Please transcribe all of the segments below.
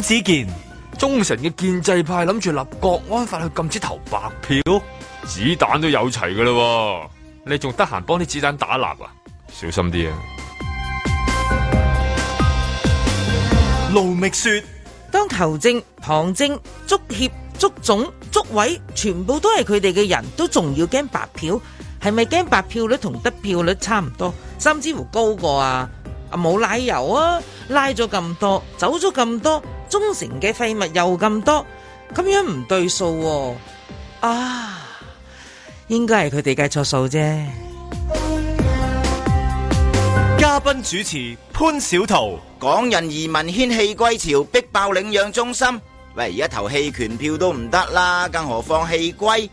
子健忠誠嘅建制派諗住立國安法去禁止投白票，子彈都有齊噶啦，你仲得閒幫啲子彈打蠟啊？小心啲啊！盧覓雪：當球證、旁證、足協、足總、足委，全部都係佢哋嘅人，都仲要驚白票，係咪驚白票率同得票率差唔多，甚至乎高過啊？啊，冇奶油啊，拉咗咁多，走咗咁多。中誠嘅廢物又咁多，咁樣唔對數啊，啊！應該係佢哋計錯數啫。嘉賓主持潘小桃，港人移民掀起歸潮，逼爆領養中心。喂，一投棄權票都唔得啦，更何況棄歸？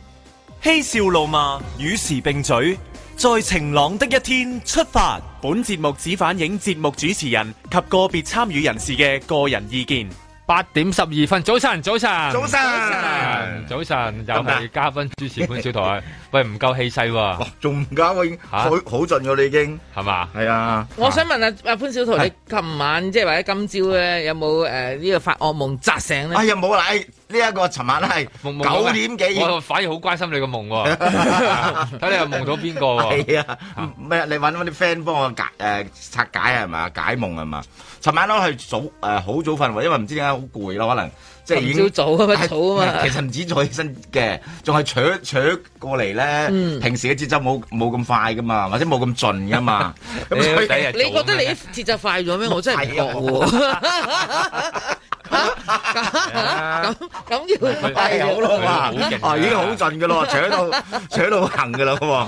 嬉笑怒罵，與時並嘴。在晴朗的一天出發。本節目只反映節目主持人及個別參與人士嘅個人意見。八點十二分，早晨，早晨，早晨，早晨，早晨，早晨又係嘉賓、啊、主持本小台。 喂，唔夠氣勢喎！仲唔夠喎？已經好好盡嘅啦，已經係嘛？係啊！我想問下阿潘小桃，你琴晚即係或者今朝咧，有冇誒呢個發惡夢扎醒咧？哎呀，冇啦！呢一個尋晚都係九點幾，我反而好關心你個夢喎。睇你又夢到邊個喎？係啊，咩？你揾揾啲 friend 幫我解誒拆解係嘛？解夢係嘛？尋晚我都係早誒好早瞓喎，因為唔知點解好攰咯，可能。即係已經早啊嘛，早啊嘛。其實唔止早起身嘅，仲係扯扯過嚟咧。平時嘅節奏冇冇咁快噶嘛，或者冇咁盡噶嘛。你覺得你節奏快咗咩？我真係唔覺喎。咁要快好囉，已經好盡㗎囉，扯到扯到行㗎囉。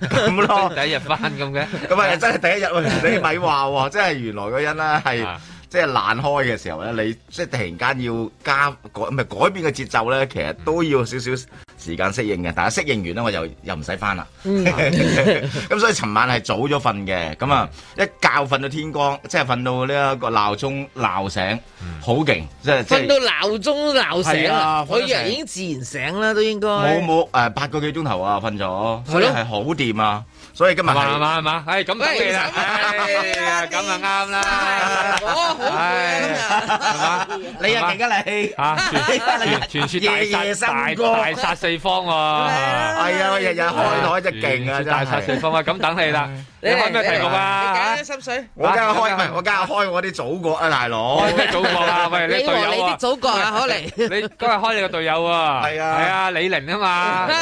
咁囉，第一日返咁嘅。咁咪，真係第一日，你咪話喎，即係原來嗰人呢，係。即係爛開嘅時候咧，你即係突然間要加改唔係改變個節奏咧，其實都要少少時間適應嘅。但係適應完咧，我就又又唔使翻啦。咁 所以尋晚係早咗瞓嘅，咁啊一覺瞓到天光，即係瞓到呢一個鬧鐘鬧醒，好勁，嗯！即係瞓到鬧鐘鬧醒啦，我其實已經自然醒啦，都應該冇冇誒八個幾鐘頭啊，瞓咗係咯，所以係好掂啊所以今日係嘛，嘛係嘛，係咁都得啦，咁啊啱啦，好，係嘛？你又勁噶你。啊傳傳傳説大殺大殺四方喎。係啊，我日日開台就勁啊，大殺四方啊，咁等你啦，你開咩題目啊？理解你心水，我今日開唔係我今日開我啲祖國啊，大佬。開咩祖國啊？咪你隊友啊？你和你的祖國啊，可嚟，你今日開你個隊友喎，係啊，係啊，李寧啊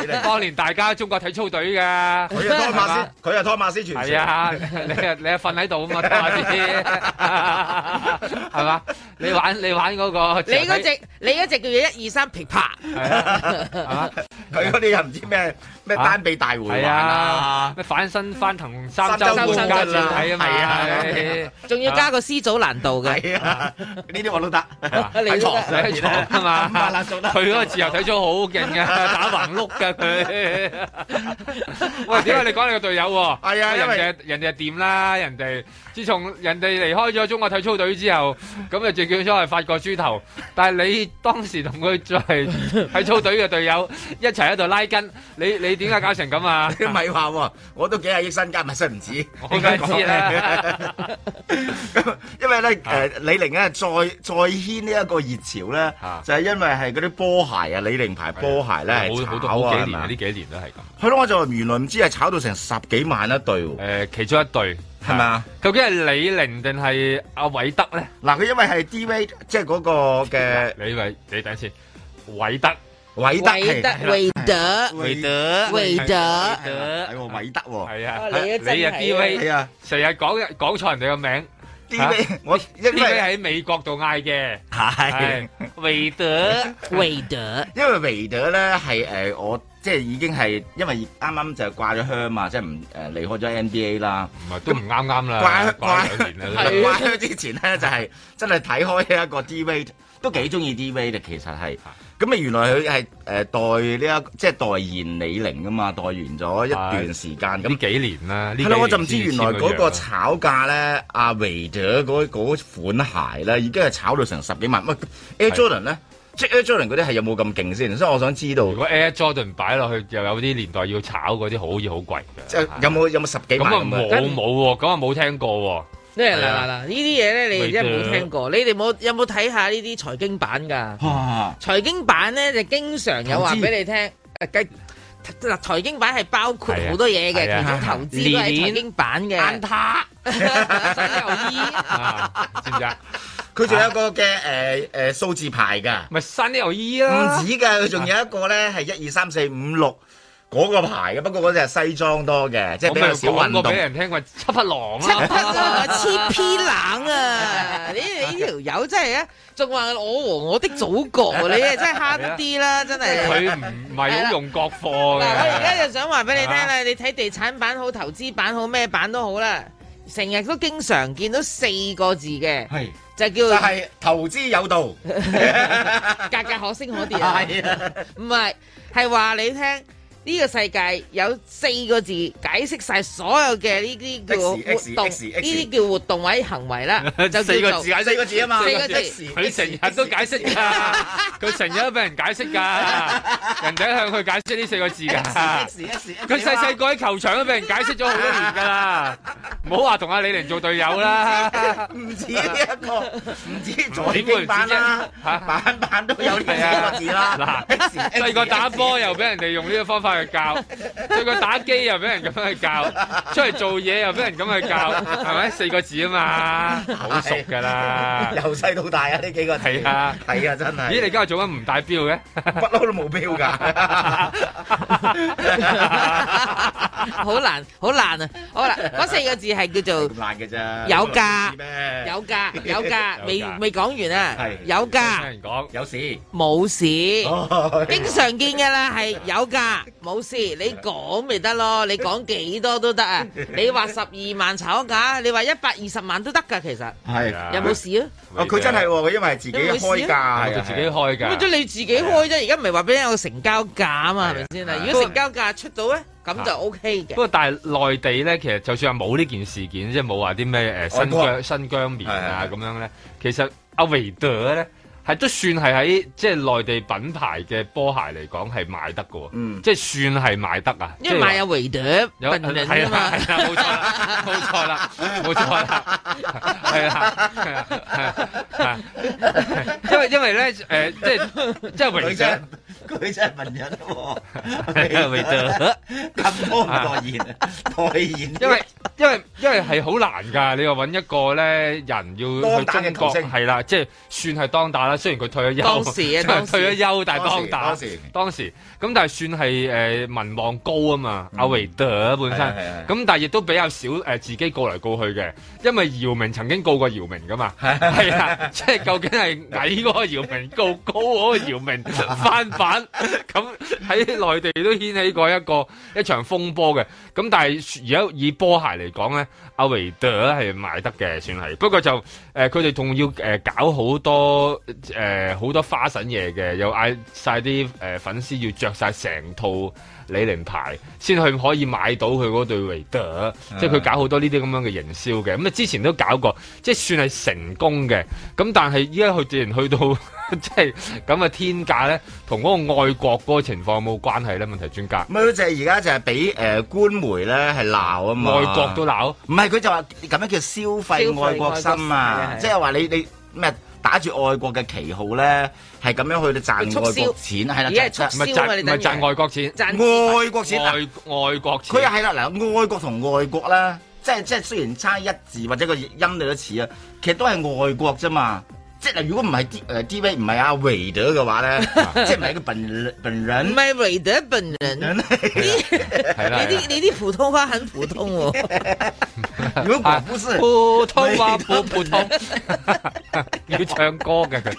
嘛，當年大家中國體操隊嘅，佢啊當。佢係托馬斯全城，係啊！你啊，你啊，瞓喺度啊嘛，托馬斯，係 嘛？ 你玩你玩嗰個，你嗰隻，你嗰隻叫做一二三琵琶，係 啊！佢嗰啲又唔知咩。咩單臂大回環啊！咩反身翻騰三周半啊！仲要加個 C 組難度嘅，呢啲我都得。喺牀寫牀啊嘛，佢嗰個自由體操好勁嘅，打橫碌嘅佢。喂，點解？你講你個隊友喎？係啊，人哋人哋點啦？人哋自從人哋離開咗中國體操隊之後，咁就直接咗係發個豬頭。但係你當時同佢做係體操隊嘅隊友，一齊喺度拉筋，你你。點解搞成咁啊？你咪話喎，我都幾廿億身家，咪係唔止。點解知咧？ 因為咧，誒、啊、李寧咧再再掀呢一個熱潮咧、啊，就係、是、因為係嗰啲波鞋啊，李寧牌波鞋咧好多年，呢幾年都係咁。係咯，我就話原來唔知係炒到成十幾萬一對。誒、呃，其中一對係咪啊？究竟係李寧定係阿偉德咧？嗱、啊，佢因為係 D V，即係嗰個嘅。 你位，你第一次，偉德。韋德，韋德，韋德，韋德，韋德，係我韋德喎，係啊，你啊 D V，係啊，成日講講錯人哋個名，D V，我因為喺美國度嗌嘅，係韋德，韋德，因為韋德咧係誒，我即係已經係，因為啱啱就掛咗靴嘛，即係唔誒離開咗 N B A 啦，唔係都唔啱啱啦，掛靴掛兩年啦，係掛靴之前咧就係真係睇開一個 D V，都幾中意 D V 嘅其實係。咁咪原來佢係誒代呢一即係代言李寧噶嘛，代完咗一段時間，咁幾年啦？係啦，我就唔知原來嗰個炒價咧，阿韋德嗰款鞋咧，已經係炒到成十幾萬。Air Jordan 咧，即 Air Jordan 嗰啲係有冇咁勁先？所以我想知道，如果 Air Jordan 擺落去又有啲年代要炒嗰啲，好似好貴嘅。有冇有冇十幾萬唔？冇冇喎，咁啊冇聽過喎，哦。咩？嗱嗱嗱！呢啲嘢咧，你真係冇聽過。你哋冇有冇睇下呢啲財經版噶？哇 一 boxing、啊！財經版咧就經常有話俾你聽。誒，計嗱財經版係包括好多嘢嘅，其中投資都係財經版嘅。按知唔知啊？佢仲有一個嘅數字牌㗎。咪山油唔止㗎，佢仲有一個咧係一二三四五六。嗰、那個牌嘅，不過嗰隻係西裝多嘅，即係比較少運動。我講過俾人聽過七匹狼、啊、七匹狼啊黐 p 冷啊， 你呢條友真係啊，仲話我和我的祖國，你真一啊真慳啲啦，真係。佢唔唔係好用國貨嘅。啊、 我而家就想話俾你聽啦、啊，你睇地產版好，投資版好，咩版都好啦，成日都經常見到四個字嘅，係就叫係、就是、投資有道， 價格可升可跌。係啊，唔係係話你聽。呢個世界有四個字解釋曬所有嘅呢啲叫活動，呢啲叫活動位行為啦。就四個字解釋四個字啊嘛，四個字。佢成日都解釋㗎，佢成日都俾人解釋㗎，人哋向佢解釋呢四個字㗎。時時佢細細個喺球場都俾人解釋咗好多年㗎啦，唔好話同阿李寧做隊友啦。唔似呢一個，唔似左邊板啦，板板都有呢個字啦。嗱，細個打波又俾人哋用呢個方法，去教，對個打機又俾人咁去教，出嚟做嘢又俾人咁去教，係咪？四個字啊嘛，好熟噶啦，由細到大啊，呢幾個字啊，係啊，真係。咦，你今日做乜唔帶錶嘅？不嬲都冇表噶，好難，好難啊！好啦，嗰四個字係叫做難嘅咋？有價，有價，有價，未未講完啊？係有價。聽人講有市，冇市，經常見嘅啦，係有價。冇事，你講咪得咯，你講幾多都得啊！你話十二萬炒價，你話一百二十萬都得㗎，其實係啊，有冇事啊？哦，佢真係喎，佢因為自己開價，佢自己開價。咁都你自己開啫，而家唔係話俾你有個成交價啊嘛，係咪先啊？如果成交價出到咧，咁就 OK 嘅。不過，但係內地咧，其實就算係冇呢件事件，即係冇話啲咩誒新疆新疆棉啊咁樣咧，其實阿維德咧。都算係喺即係內地品牌嘅波鞋嚟講係賣得嘅，即係算係賣得啊！因為賣阿維朵，名人啊嘛，係、啊、啦，冇錯啦，冇 錯啦，冇錯啦，係 錯啦，係 係，因為因為咧、呃、即係即係名人佢真係名人喎，咁 多、啊啊、代言，啊、代言。因為因為因為係好難㗎，你話揾一個咧人要去中國係啦，即係算係當打啦。雖然佢退咗休，當時退咗休，但係當打當時咁，但係算係誒民望高啊嘛，阿、韋德、本身咁，但係亦都比較少自己告嚟告去嘅，因為姚明曾經告過姚明㗎嘛，係 啊，即係究竟係矮嗰個姚明告高嗰個姚明 翻版？咁喺內地都掀起過一個一場風波嘅，咁但係而家以波鞋嚟講咧，阿維德係賣得嘅，算係。不過就誒，佢哋仲要誒、呃、搞好多誒好、呃、多花臣嘢嘅，又嗌晒啲誒粉絲要着晒成套李寧牌，先去可以買到佢嗰對維德，uh -huh. 即係佢搞好多呢啲咁樣嘅營銷嘅。咁啊，之前都搞過，即係算係成功嘅。咁但係依家佢自然去到。即係咁嘅天價咧，同嗰個外國嗰個情況有冇關係咧？問題專家唔係佢係而家就係俾誒官媒咧係鬧啊嘛，外國都鬧，唔係佢就話咁樣叫消費愛國心啊！即係話你你咩打住愛國嘅旗號咧，係咁樣去咧賺外國錢係啦，賺唔係賺外國錢，賺外國錢，外國錢，佢係啦，嗱，愛國同外國咧，即係即係雖然差一字或者個音都似啊，其實都係外國啫嘛。如果唔係啲誒 DV 唔係阿韋德嘅話咧，即係唔係個本本人？唔係韋德本人。 你啲的 你啲的 你啲普通話很普通、哦、 如果不是 普通話普普通。 要唱歌嘅佢。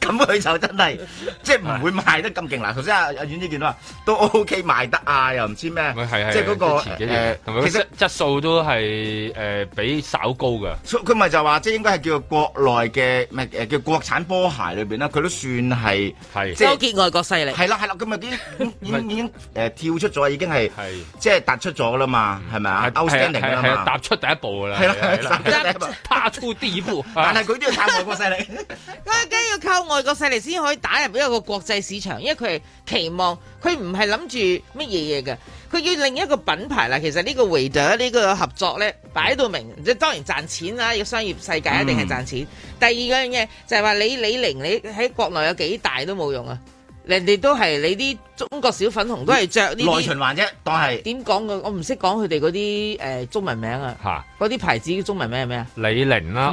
咁佢就真係即係唔會賣得咁勁啦。頭先阿阿遠志健話都 OK 賣得啊，又唔知咩，即係嗰個誒，其實質素都係誒比稍高嘅。佢佢咪就話即係應該係叫做國內嘅唔係誒叫國產波鞋裏邊啦，佢都算係，即係勾結外國勢力。係啦係啦，咁咪已經已經已經誒跳出咗，已經係即係突出咗啦嘛，係咪啊？係 outstanding 啦嘛，踏出第一步㗎啦。係啦係啦，踏出踏出第一步，但係佢都要靠外國勢力，佢梗要靠。外國勢力先可以打入一個國際市場，因為佢係期望佢唔係諗住乜嘢嘢嘅，佢要另一個品牌啦。其實呢個回達呢個合作咧，擺到明，即當然賺錢啦，要商業世界一定係賺錢，嗯。第二樣嘢就係，你，話李李寧，你喺國內有幾大都冇用啊，人哋都係你啲中國小粉紅都係着呢。內循環啫，當係點講？我我唔識講佢哋嗰啲誒中文名啊。吓，嗰啲牌子嘅中文名係咩啊？李寧啦。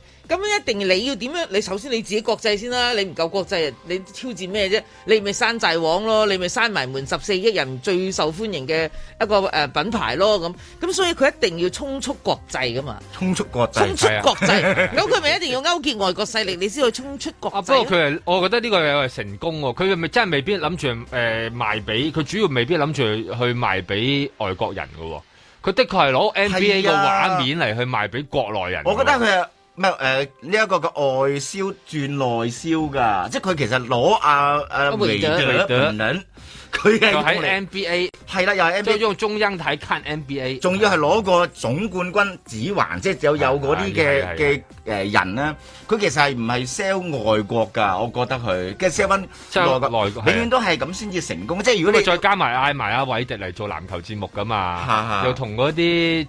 咁一定你要點樣？你首先你自己國際先啦、啊，你唔夠國際，你挑戰咩啫？你咪山寨王咯，你咪閂埋門十四億人最受歡迎嘅一個誒品牌咯，咁咁所以佢一定要衝出國際噶嘛，衝出國際，衝出國際，咁佢咪一定要勾結外國勢力， 你先去衝出國際、啊啊。不過佢係，我覺得呢個又係成功喎，佢係咪真係未必諗住誒賣俾佢？主要未必諗住去賣俾外國人嘅喎，佢的確係攞 NBA 嘅畫面嚟去賣俾國內人、啊。我覺得佢係。咩誒呢一個嘅外銷轉內銷㗎，即係佢其實攞阿阿微對唔撚。啊啊 We're done. We're done. We're done. 佢係睇 NBA，係啦，又係 NBA。即中央睇看 NBA，仲要係攞個總冠軍指環，即係就係、有嗰啲嘅嘅誒人咧。佢其實係唔係 sell 外國㗎？我覺得佢嘅 sell 內國內國，永遠都係咁先至成功。即係如果你再加埋嗌埋阿韋迪嚟做籃球節目㗎嘛，又同嗰啲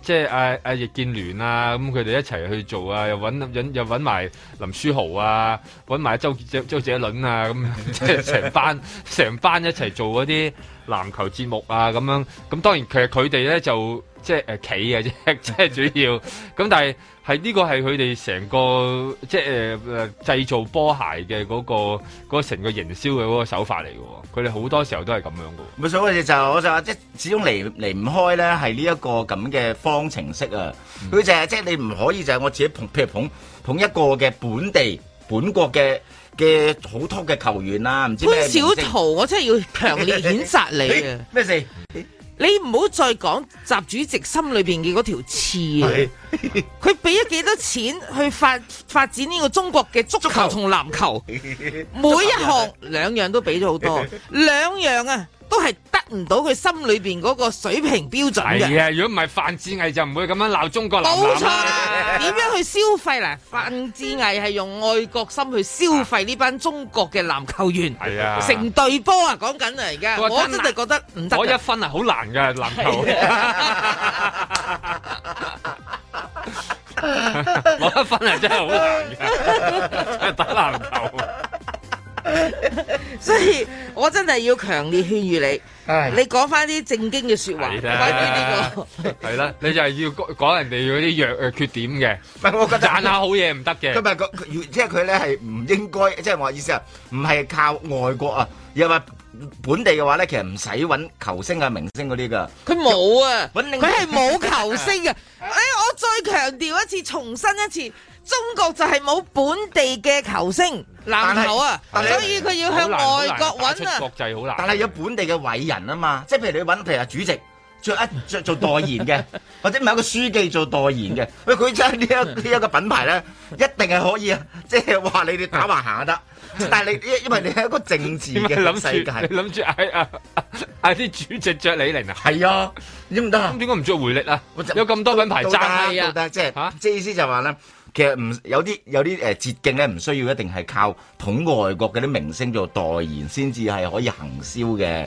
即係阿阿易建聯啊，咁佢哋一齊去做啊，又揾又揾埋林書豪啊，揾埋周周周杰倫啊，咁即係成班成 班一齊做嗰啲。啲籃球節目啊，咁樣咁，當然其實佢哋咧就即係誒企嘅啫，即係主要咁，但係係呢個係佢哋成個即係誒誒製造波鞋嘅嗰個嗰成個營銷嘅嗰個手法嚟嘅，佢哋好多時候都係咁樣嘅。冇所謂就我就話，即係始終離離唔開咧，係呢一個咁嘅方程式啊。佢就係即係你唔可以就係我自己捧，譬如捧捧一個嘅本地本國嘅。嘅好多嘅球員啦、啊，唔知潘小桃，我真係要強烈譴責你啊！咩 事？你唔好再講習主席心裏邊嘅嗰條刺啊！佢俾咗幾多錢去發發展呢個中國嘅足球同籃球？每一項兩 樣都俾咗好多，兩樣啊！都係得唔到佢心裏邊嗰個水平標準嘅。係啊，如果唔係范志毅就唔會咁樣鬧中國籃。冇錯，點樣去消費啦？范志毅係用愛國心去消費呢班中國嘅籃球員。係啊，成隊波啊，講緊啊而家。我真係覺得唔得，我一分啊，好難嘅籃球。我一分啊，真係好難嘅，打籃球。 所以我真係要強烈勸喻你，的你講翻啲正經嘅說話。係啦、這個， 你就係要講人哋嗰啲弱誒缺點嘅。唔係，我覺得讚下好嘢唔得嘅。今日係即係佢咧係唔應該，即係我意思啊，唔係靠外國啊，而係本地嘅話咧，其實唔使搵球星啊、明星嗰啲噶。佢冇啊，佢係冇球星啊！ 哎，我再強調一次，重申一次。中國就係冇本地嘅球星籃球啊，所以佢要向外國揾啊。國際好難。難難但係有本地嘅偉人啊嘛，即係譬如你去揾譬如主席著一著做代言嘅， 或者某個書記做代言嘅。喂，佢將呢一呢一個品牌咧，一定係可以啊！即係話你哋打橫行得。但係你因因為你係一個政治嘅世界，你諗住諗住嗌啊嗌啲主席着李寧啊！係啊，點唔得咁點解唔着回力啊？有咁多品牌爭啊，即係即係意思就話、是、咧。啊就是其實唔有啲有啲誒捷徑咧，唔需要一定係靠統外國嗰啲明星做代言先至係可以行銷嘅。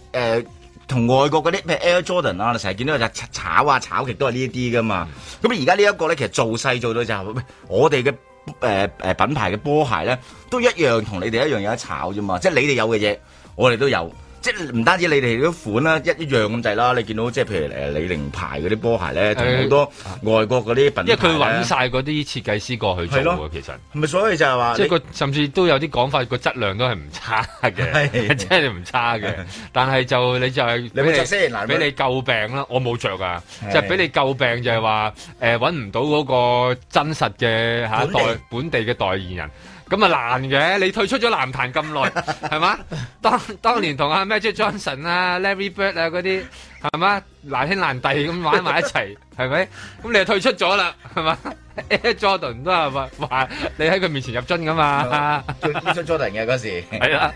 誒、呃，同外國嗰啲咩 Air Jordan 啊，成日見到就炒啊炒，極都係呢一啲噶嘛。咁而家呢一個咧，其實做細做到就係，我哋嘅誒誒品牌嘅波鞋咧，都一樣同你哋一樣有得炒啫嘛。即係你哋有嘅嘢，我哋都有。即係唔單止你哋嗰款啦，一一樣咁滯啦。你見到即係譬如誒、呃、李寧牌嗰啲波鞋咧，同好多外國嗰啲品牌，因為佢搵晒嗰啲設計師過去做，其實唔係，所以就係話，即係個甚至都有啲講法，個質量都係唔差嘅，即係你唔差嘅。但係就你就係、是、你着先，俾你，你詬病啦。我冇着㗎，就俾、是、你詬病就係話搵唔到嗰個真實嘅代、啊、本地嘅代，代言人。咁啊難嘅，你退出咗藍壇咁耐，係嘛？ 當當年同阿 Magic Johnson 啊、Larry Bird 啊嗰啲，係嘛？難兄難弟咁玩埋一齊，係 咪？咁你就退出咗啦，係嘛？Air Jordan 都話話你喺佢面前入樽噶嘛？最中意 Air Jordan 嘅嗰 時。係啦、啊。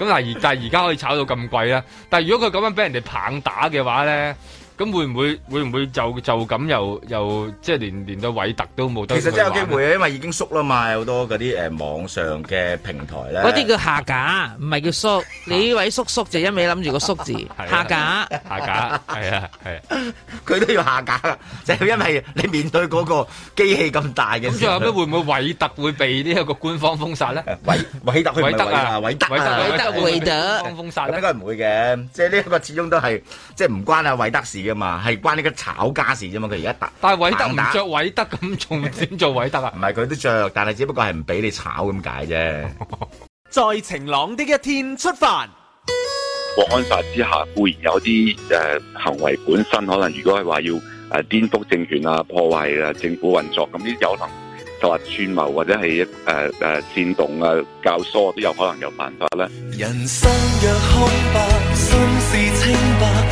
咁 但而但係而家可以炒到咁貴啦。但係如果佢咁樣俾人哋棒打嘅話咧？咁會唔會，會唔會就就咁又又即係，連連到韋特都冇得？其實真有機會啊，因為已經縮啦嘛，有好多嗰啲誒網上嘅平台咧。嗰啲叫下架，唔係叫縮。你呢位叔叔就一味諗住個縮字，下架，下架。係啊係啊，佢都要下架啊！就係因為你面對嗰個機器咁大嘅。咁仲有咩會唔會韋特會被呢一個官方封殺咧？韋韋特韋特啊韋特韋特韋特封封殺咧？應該唔會嘅，即係呢一個始終都係即係唔關啊韋特事。啊嘛，係關你個炒家事啫嘛，佢而家打，但係韋德唔着韋德咁仲，點做韋德啊？唔係佢都着，但係只不過係唔俾你炒咁解啫。在晴朗的一天出發。國安法之下固然有啲誒行為本身可能，如果係話要誒顛覆政權啊、破壞誒政府運作，咁呢有可能就話串謀或者係一誒誒煽動啊、教唆都有可能有辦法咧。人生若空白，心事清白。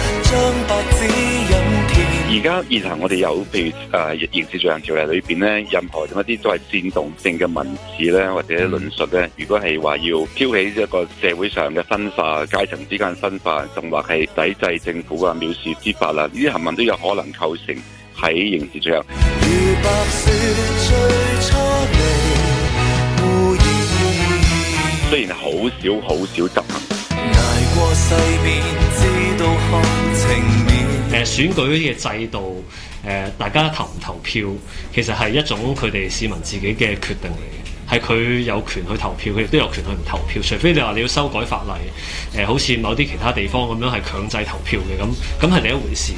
而家現行我哋有譬如誒、啊、刑事罪行條例裏邊咧，任何一啲都係煽動性嘅文字咧，或者論述咧，如果係話要挑起一個社會上嘅分化，階層之間分化，同或係抵制政府啊、藐視之法啦，呢啲行文都有可能構成喺刑事罪行。如白雪最初無無，雖然好少好少執行。誒，選舉嘅制度，誒，大家投唔投票，其實係一種佢哋市民自己嘅決定嚟嘅，係佢有權去投票，佢亦都有權去唔投票，除非你話你要修改法例，誒，好似某啲其他地方咁樣係強制投票嘅，咁，咁係另一回事。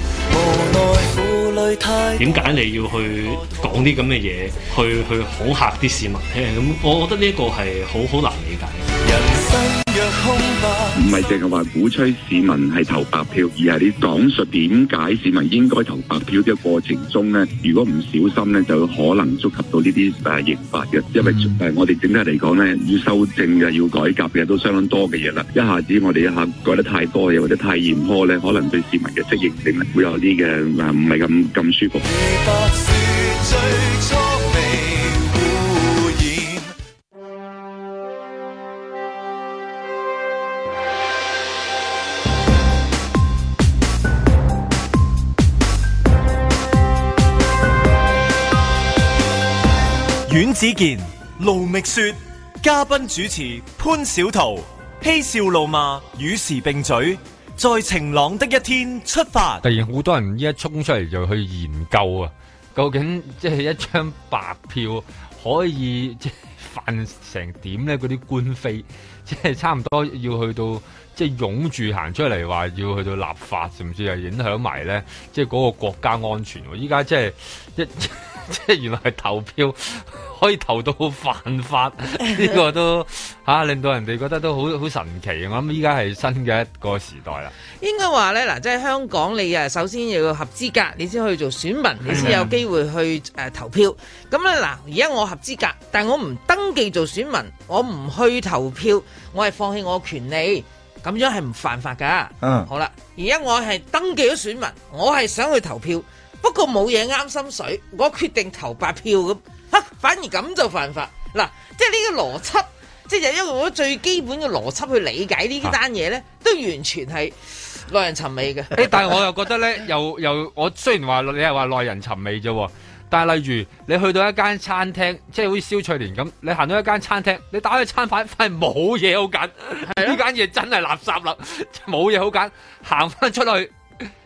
點解你要去講啲咁嘅嘢，去去恐嚇啲市民咧？咁，我覺得呢一個係好好難理解。唔係淨係話鼓吹市民係投白票，而係你講述點解市民應該投白票嘅過程中呢，如果唔小心呢，就可能觸及到呢啲誒刑法嘅，因為誒、呃、我哋整體嚟講呢，要修正嘅、要改革嘅都相當多嘅嘢啦。一下子我哋一下改得太多嘢或者太嚴苛呢，可能對市民嘅適應性咧會有啲嘅唔係咁咁舒服。阮子健、盧覓雪，嘉賓主持潘小桃，嬉笑怒罵，與時並嘴，在晴朗的一天出發。突然好多人依家衝出嚟就去研究啊，究竟即係一張白票可以即係犯成點咧？嗰啲官非即係差唔多要去到即係擁住行出嚟，話要去到立法，甚至係影響埋咧，即係嗰個國家安全。依家即係一。即係原來係投票可以投到好犯法，呢、這個都吓、啊、令到人哋覺得都好好神奇。我諗依家係新嘅一個時代啦。應該話呢，嗱，即係香港你啊，首先要合資格，你先可以做選民，你先有機會去誒投票。咁咧嗱，而、呃、家我合資格，但我唔登記做選民，我唔去投票，我係放棄我權利，咁樣係唔犯法噶。嗯、啊，好啦，而家我係登記咗選民，我係想去投票。不過冇嘢啱心水，我決定投白票咁，反而咁就犯法。嗱、啊，即係呢個邏輯，即係就用我最基本嘅邏輯去理解呢單嘢咧，都完全係耐人尋味嘅。誒、哎，但係我又覺得咧，又又我雖然話你係話耐人尋味啫，但係例如你去到一間餐廳，即係好似蕭翠蓮咁，你行到一間餐廳，你打開餐牌，發現冇嘢好揀，呢間嘢真係垃圾啦，冇嘢好揀，行翻出去。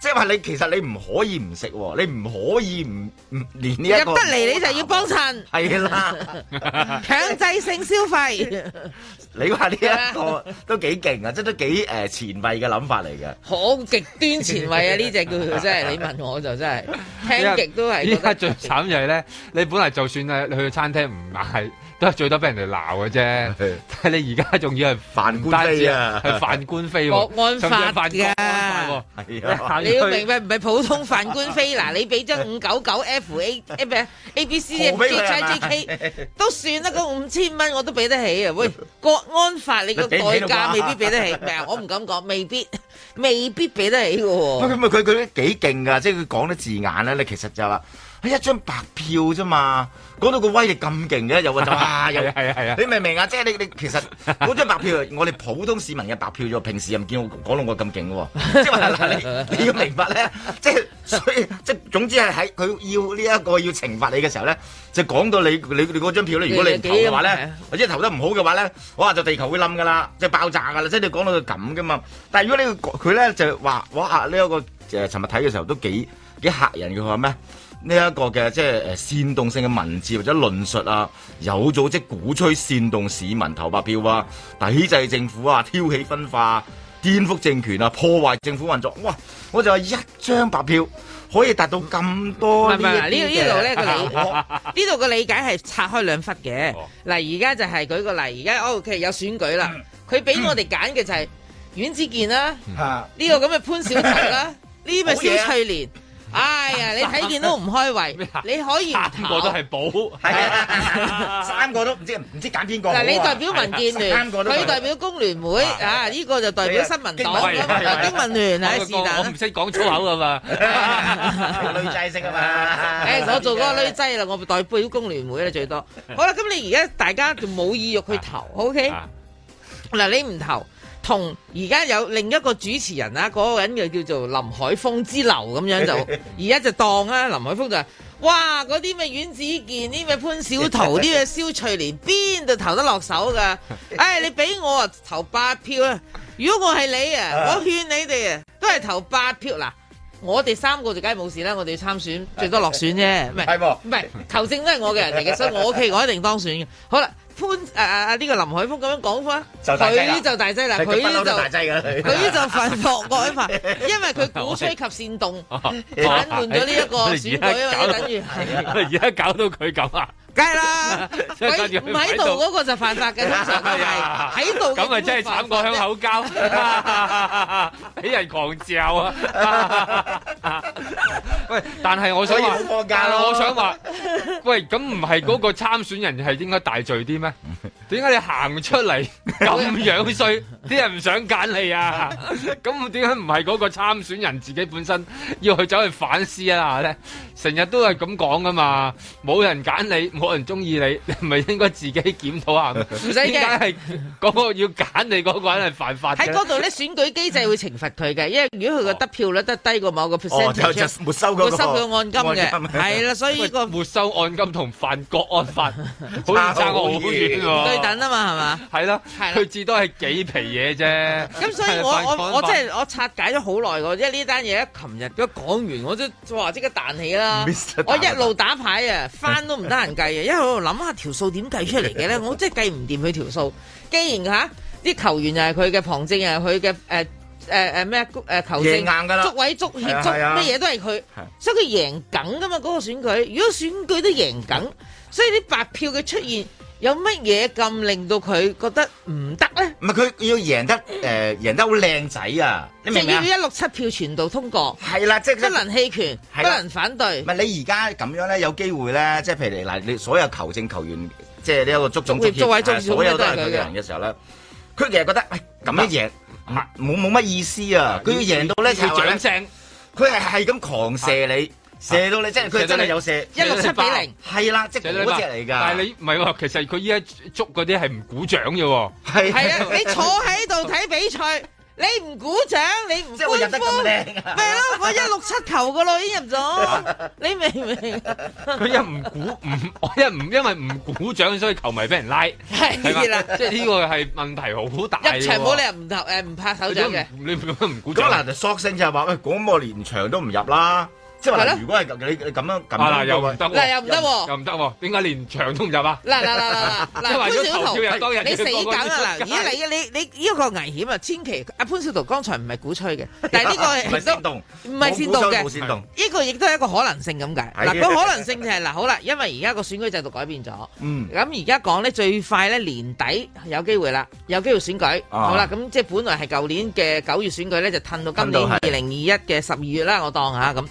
即係話你其實你唔可以唔食喎，你唔可以唔唔連呢、這個、入得嚟你就要幫襯，係 啦，強 制性消費。 你話呢一個都幾勁，呃、啊，即係都幾誒前衛嘅諗法嚟嘅。好極端前衛啊！呢隻叫做即係，你問我就真係 聽極都係。依家最慘就係咧， 你本嚟就算係你去餐廳唔買。都係最多俾人哋鬧嘅啫，但係你而家仲要係犯、啊、犯官非啊，係犯官非國安法犯噶，係、哎、你要明白唔係普通犯官非、啊，嗱 你俾張五九九 F A A B C D E J K 都算得嗰五千蚊我都俾得起啊！喂，國安法你個代價，未必俾得起，咩？我唔敢講，未必未必俾得起嘅、啊。佢佢都幾勁噶，即係佢講得字眼咧，你其實就話係一張白票啫嘛。講到個威力咁勁嘅，有話哇！又係啊係啊！ 你明唔明啊？即 係你你其實嗰張白票， 我哋普通市民嘅白票咗，平時又唔見我講到我咁勁嘅喎。即係嗱，你你要明白咧，即係所以即係總之係喺佢要呢一個要懲罰你嘅時候咧，就講到你你你嗰張票咧，如果你唔投嘅話咧， 或者投得唔好嘅話咧，哇就地球會冧噶啦，即係爆炸噶啦，即係你講到佢咁嘅嘛。但係如果你佢咧就話哇啊呢一個誒，尋日睇嘅時候都幾幾嚇人嘅話咩？我呢、這、一個嘅即係誒煽動性嘅文字或者論述啊，有組織鼓吹煽動市民投白票啊，抵制政府啊，挑起分化、啊、顛覆政權啊，破壞政府運作。哇！我就話一張白票可以達到咁多呢度度呢啲嘅理解。呢度嘅理解係拆開兩忽嘅。嗱，而家就係舉個例，而家哦，其、OK，實有選舉啦，佢俾我哋揀嘅就係阮之健啦，呢、 這個咁嘅潘小姐啦，呢個小翠蓮。哎呀！你睇見都唔開胃，你可以。邊個都係寶，三個都唔知唔知揀邊個。嗱，你代表民建聯，佢代表工聯會，啊，呢個就代表新聞黨。新聞聯係是但。我唔識講粗口㗎嘛，女仔識㗎嘛。誒，我做嗰個女仔啦，我代表工聯會咧最多。好啦，咁你而家大家就冇意欲去投，OK？嗱，你唔投。同而家有另一個主持人啊，嗰、那個人叫做林海峰之流咁樣就，而家就當啦，林海峰就話、是：，哇，嗰啲咩阮子健，啲咩潘小桃，啲 咩蕭翠蓮，邊度投得落手㗎？誒、哎，你俾我投八票啦！如果我係你啊，我勸你哋啊，都係投八票嗱，我哋三個就梗係冇事啦，我哋要參選最多落選啫，唔 係，唔係，求勝都係我嘅，人嚟嘅，所以我 O K，我一定當選嘅，好啦。潘誒誒，呢、啊啊呢個林海峰咁樣講翻，佢就大劑啦，佢就佢就犯錯改犯因為佢鼓吹及煽動，反 弄咗呢一個選舉， 等於係而家搞到佢咁啊！梗係啦，唔喺度嗰個就犯法嘅，通常都係喺度咁啊，真係慘過香口膠，俾人狂嚼啊！喂，但係我想話，我想話，喂，咁唔係嗰個參選人係應該大罪啲咩？點解你行出嚟咁樣衰，啲人唔想揀你啊？咁點解唔係嗰個參選人自己本身要去走去反思一下咧？成日都係咁講噶嘛，冇人揀你。冇人中意你，你咪應該自己檢討下。唔使驚，係嗰個要揀你嗰個人係犯法。喺嗰度咧，選舉機制會懲罰佢嘅，因為如果佢嘅得票率得低過某個 percent，哦哦、就冇收嗰個佢收佢。佢收佢按金嘅，係啦，所以、個沒收按金同犯國安法好差好、啊、遠，對等啊嘛，係嘛？係咯，佢至多係幾皮嘢啫。咁所以我我我即係我拆解咗好耐個，因為呢單嘢，琴日都講完，我都哇即刻彈起啦。Mr. 我一路打牌啊，番 都唔得閒計。因為喺度諗下條數點計出嚟嘅咧， 我真係計唔掂佢條數。既然吓啲、啊、球員又係佢嘅旁證，又係佢嘅誒誒誒咩誒球證、足委、足協咩嘢都係佢、啊，所以佢贏梗噶嘛嗰、嗰個選舉。如果選舉都贏梗，所以啲白票嘅出現。 有乜嘢咁令到佢覺得唔得咧？唔係佢，要贏得誒、呃，贏得好靚仔啊！你係要一六七票全道通過，係啦、啊，即、就、係、是、不能棄權、啊，不能反對。唔係、啊、你而家咁樣咧，有機會咧，即係譬如嗱，你所有球證球員，即係呢一個足總主席、啊，所有都係佢嘅人嘅時候咧，佢其實覺得喂咁、哎、樣贏冇冇乜意思啊！佢要，要贏到咧就掌兩聲，佢係係咁狂射你。啊。射到你真係，佢真係有射一六七比零，係啦，即係嗰隻嚟噶。但係你唔係，其實佢依家捉嗰啲係唔鼓掌嘅。係啊，你坐喺度睇比賽，你唔鼓掌，你唔歡呼，咪咯，我一六七球噶咯，已經入咗。你明唔明？佢一唔鼓，唔一唔因為唔鼓掌，所以球迷俾人拉。係啦，即係呢個係問題好大。一場冇理由唔拍誒，唔拍手掌嘅。你咁樣唔鼓掌，咁嗱就索性就話喂，咁我連場都唔入啦。即係話，如果係你你咁樣撳，嗱又唔得，嗱又唔得，又唔得，點解連牆都唔入啊？嗱嗱嗱嗱嗱！潘小濤，你死梗啊，咦你你你呢個危險啊，千祈啊潘小濤，剛才唔係鼓吹嘅，但係呢個亦都唔係煽動嘅，呢個亦都係一個可能性咁解。嗱個可能性就係嗱好啦，因為而家個選舉制度改變咗，咁而家講咧最快咧年底有機會啦，有機會選舉。好啦，咁即係本來係舊年嘅九月選舉咧，就褪到今年二零二一嘅十二月啦，我當下咁。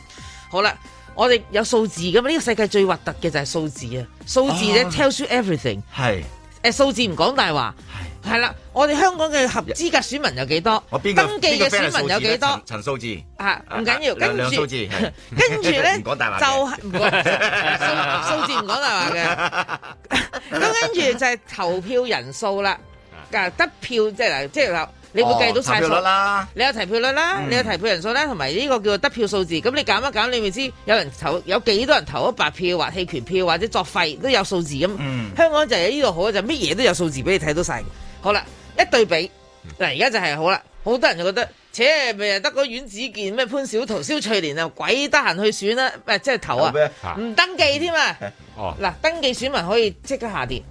好啦，我哋有數字噶嘛？呢、這個世界最核突嘅就係數字啊！數字咧、哦、tells you everything，係誒，數字唔講大話，係啦。我哋香港嘅合資格選民有幾多？我登記嘅選民有幾多？陳數字，陳陳數字啊，唔緊要，跟住，兩數字，跟住咧就講數字唔講大話嘅，咁 跟住就係投票人數啦，得票即係即係你會計到晒數、哦、啦，你有提票率啦，嗯、你有提票人數啦，同埋呢個叫做得票數字，咁你減一減，你咪知有人投有幾多人投白票，票，或棄權票或者作廢都有數字咁。嗯、香港就係呢個好，就乜嘢都有數字俾你睇到晒。好啦，一對比嗱，而家就係好啦，好多人就覺得，切，咪又得個阮子健、咩潘小桃、肖翠蓮啊，鬼得閒去選啦，唔即係投啊，唔登記添啊。哦，嗱，登記選民可以即刻下跌，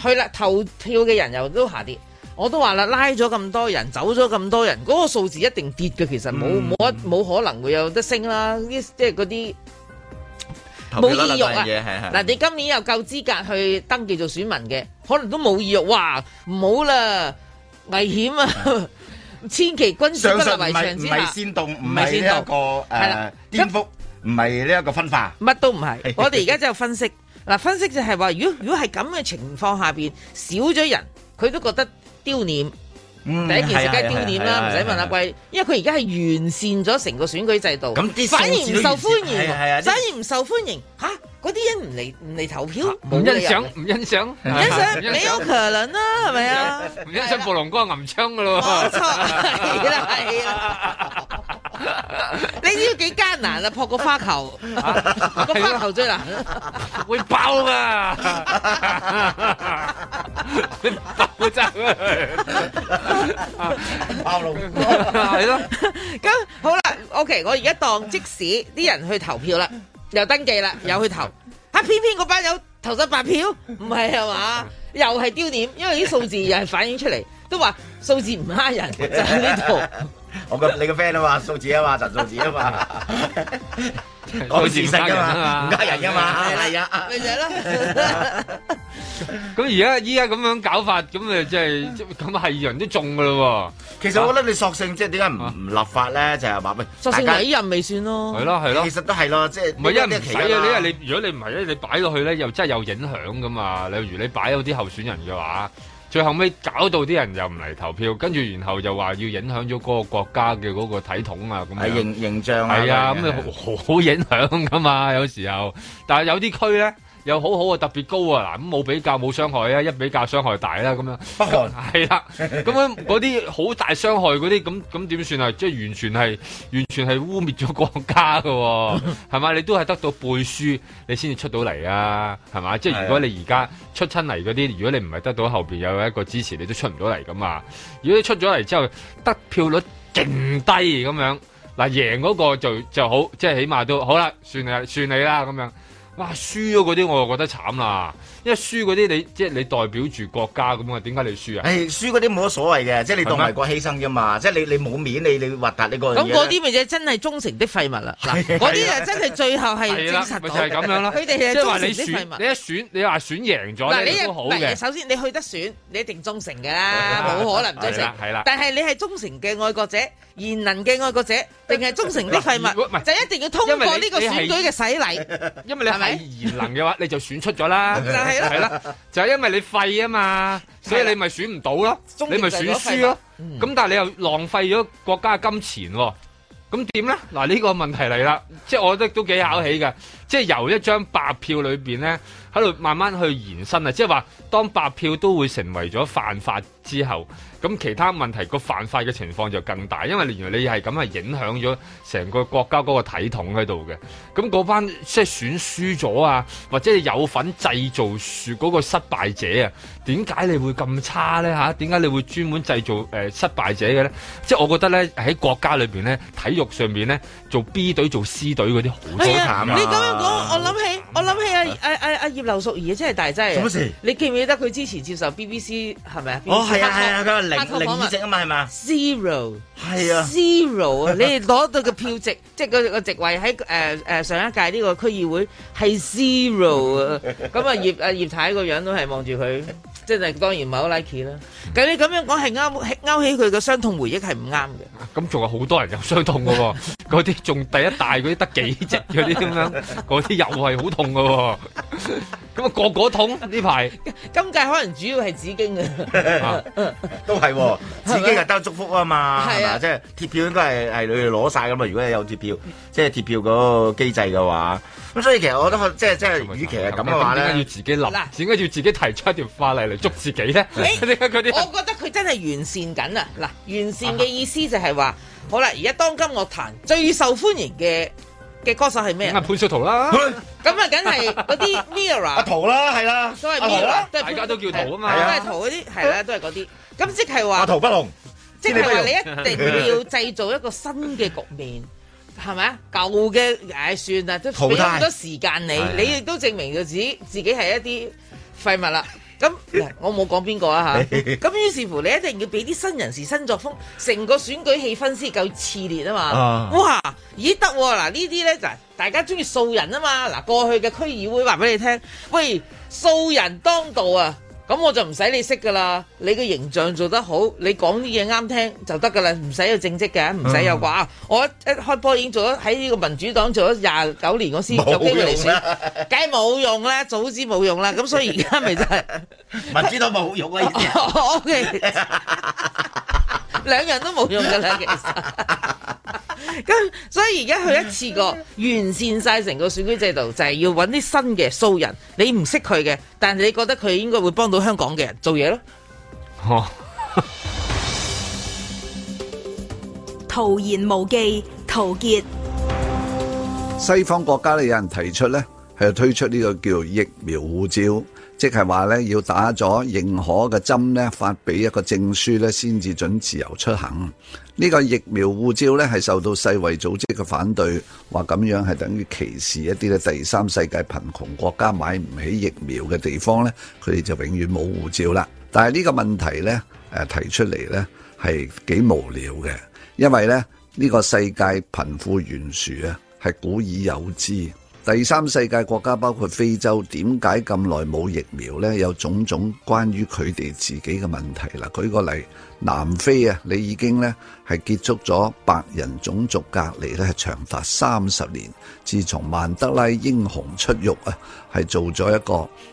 去啦，投票嘅人又都下跌。我都話啦，拉咗咁多人，走咗咁多人，嗰個數字一定跌嘅。其實冇冇一冇可能會有得升啦。啲即係嗰啲冇意欲啊。嗱，你今年又夠資格去登記做選民嘅，可能都冇意欲。哇，唔好啦，危險啊！千祈均上上為上先。唔係先動，唔係呢一個誒顛覆，唔係呢一個分化，乜都唔係。我哋而家真係分析嗱，分析就係話，如果如果係咁嘅情況下邊少咗人，佢都覺得。丟臉，嗯，第一件事梗係丟臉啦，唔使問阿貴。是是是是是因為佢而家係完善咗成個選舉制度，這這反而唔受歡迎，是是是是反而唔受歡迎嚇。啊嗰啲人唔嚟唔嚟投票？唔欣賞，唔欣賞，唔欣賞，冇可能啦，係咪啊？唔欣賞暴龍哥銀槍噶咯，冇錯，係啦，係啦。你知要幾艱難啊？撲個花球，個花球最難，會爆噶，會爆就，爆龍哥係咯。咁好啦，OK，我而家當即使啲人去投票啦。又登記啦，又去投，嚇！偏偏嗰班友投咗白票，唔係啊嘛，又係丟臉，因為啲數字又係反映出嚟，都話數字唔蝦人就喺呢度。我個你個 friend 啊嘛，數字啊嘛，陳數字啊嘛，講事實噶嘛，唔加人噶嘛，嚟呀，你就咧。咁而家依家咁樣搞法，咁誒，即係咁係人都中噶咯喎。其實我覺得你索性即係點解唔立法咧，就係話咪索性委任咪算咯，係咯係咯。其實都係咯，即係唔係一唔使啊？你因為你如果你唔係咧，你擺落去咧又真係有影響噶嘛。例如你擺嗰啲候選人嘅話。最後尾搞到啲人又唔嚟投票，跟住然後就話要影響咗嗰個國家嘅嗰個體統啊，咁樣。係形形象啊，係啊，咁你好好影響噶嘛，有時候。但係有啲區咧。又好好啊，特別高啊！嗱咁冇比較冇傷害啊，一比較傷害大啦，啊、咁樣。不過係啦，咁 樣嗰啲好大傷害嗰啲，咁咁點算啊？即係完全係完全係污蔑咗國家喎，啊，係 嘛？你都係得到背書，你先至出到嚟啊，係嘛？即係如果你而家 出親嚟嗰啲，如果你唔係得到後面有一個支持，你都出唔到嚟噶嘛。如果你出咗嚟之後得票率勁低咁樣，嗱贏嗰個就就好，即係起碼都好啦，算你算你啦咁樣。哇，輸嗰啲我又覺得慘啦，因為輸嗰啲你即係你代表住國家咁啊，點解你輸啊？誒，輸嗰啲冇乜所謂嘅，即係你當埋國犧牲啫嘛，即係你你冇面，你你核突你個。咁嗰啲咪即係真係忠誠的廢物啦！嗱，嗰啲啊真係最後係證實到。咪就係咁樣咯。佢哋係忠誠的廢物。你一選，你話選贏咗，嗱，你一首先你去得選，你一定忠誠嘅啦，冇可能忠誠。係啦，係啦。但係你係忠誠嘅愛國者，賢能嘅愛國者，定係忠誠的廢物？就一定要通過呢個選舉嘅洗禮。因為你。係 賢能嘅話，你就選出咗啦，係 啦對了， 就係因為你廢啊嘛，所以你咪選唔到咯，你咪選輸咯，啊，咁但係你又浪費咗國家嘅金錢，哦，咁點咧？嗱，呢、這個問題嚟啦， 即係我覺得都幾考起嘅。即係由一張白票裏面呢，喺度慢慢去延伸啊！即係話，當白票都會成為咗犯法之後，咁其他問題個犯法嘅情況就更大，因為原來你係咁係影響咗成個國家嗰個體統喺度嘅。咁嗰班即係選輸咗啊，或者有份製造輸嗰個失敗者啊，點解你會咁差呢？嚇？點解你會專門製造誒失敗者嘅呢？即係我覺得呢，喺國家裏面呢，體育上面呢，做 B 隊做 C 隊嗰啲好慘啊、哎哦、我我諗起，我諗起阿阿阿阿葉劉淑儀真係大劑、啊。你記唔記得佢之前接受 BBC 係咪、oh，啊？哦係啊係啊，佢話零零票值啊嘛係嘛？Zero 係啊，Zero 啊，你攞到嘅票席即係個個職位，喺誒誒上一屆呢個區議會係 Zero 啊，咁啊葉阿葉太個樣子都係望住佢。即係當然唔係好 like 啦，咁你咁樣講係勾勾起佢嘅傷痛回憶，係唔啱嘅。咁仲有好多人有傷痛嘅喎、啊，嗰啲仲第一大嗰啲得幾隻嗰啲咁樣，嗰啲又係好痛嘅喎。咁、那、啊、個、個個痛呢排，今屆可能主要係紫荊嘅，都係紫荊係得祝福啊嘛，係嘛，即係貼票應該係係你哋攞晒咁嘛。如果你有貼票，即係貼票嗰個機制嘅話。咁所以其實我都、嗯、即係即係，與其係咁嘅話咧，嗯、要自己立，點、啊、解要自己提出一條法例嚟捉自己咧？啲、欸？ 我覺得佢真係完善緊啊！嗱，完善嘅意思就係話、啊，好啦，而家當今樂壇最受歡迎嘅嘅歌手係咩啊？潘小濤啦，咁 啊，梗係嗰啲 Mirror 阿濤啦，係啦，啊、都係濤啦，即係大家都叫濤啊嘛，都係濤嗰啲，係啦、啊啊啊啊，都係嗰啲。咁即係話，阿濤不龍，即係話你一定要製造一個新嘅局面。啊啊啊係咪啊？舊嘅唉，算啦，都俾咁多時間你，你亦都證明咗自己自己係一啲廢物啦。咁我冇講邊個啊吓？咁 於是乎，你一定要俾啲新人士新作風，成個選舉氣氛先夠熾烈啊嘛！哇，咦得嗱，啊、呢啲咧就係大家中意素人啊嘛！嗱，過去嘅區議會話俾你聽，喂，素人當道啊！咁我就唔使你識噶啦，你個形象做得好，你講啲嘢啱聽就得噶啦，唔使有政績嘅，唔使有掛。我一一開波已經做咗喺呢個民主黨做咗廿九年，我先入嚟選，梗係冇用啦，早知冇用啦。咁所以而家咪就係民主黨冇用啊，兩樣都冇用噶啦，其實。咁所以而家去一次過完善晒成個選舉制度，就係、是、要揾啲新嘅素人，你唔識佢嘅，但係你覺得佢應該會幫到香港嘅人做嘢咯哦， 徒言無忌，陶傑，西方國家咧有人提出咧，係推出呢個叫疫苗護照。即係話咧，要打咗認可嘅針咧，發俾一個證書咧，先至准自由出行。呢個疫苗護照咧，係受到世衛組織嘅反對，話咁樣係等於歧視一啲咧第三世界貧窮國家買唔起疫苗嘅地方咧，佢哋就永遠冇護照啦。但係呢個問題咧，誒提出嚟咧係幾無聊嘅，因為咧呢個世界貧富懸殊啊，係古已有之。第三世界國家包括非洲，點解咁耐冇疫苗呢？有種種關於佢哋自己嘅問題啦。舉個例，南非啊，你已經呢，係結束咗白人種族隔離咧，長達三十年。自從曼德拉英雄出獄啊，係做咗一個，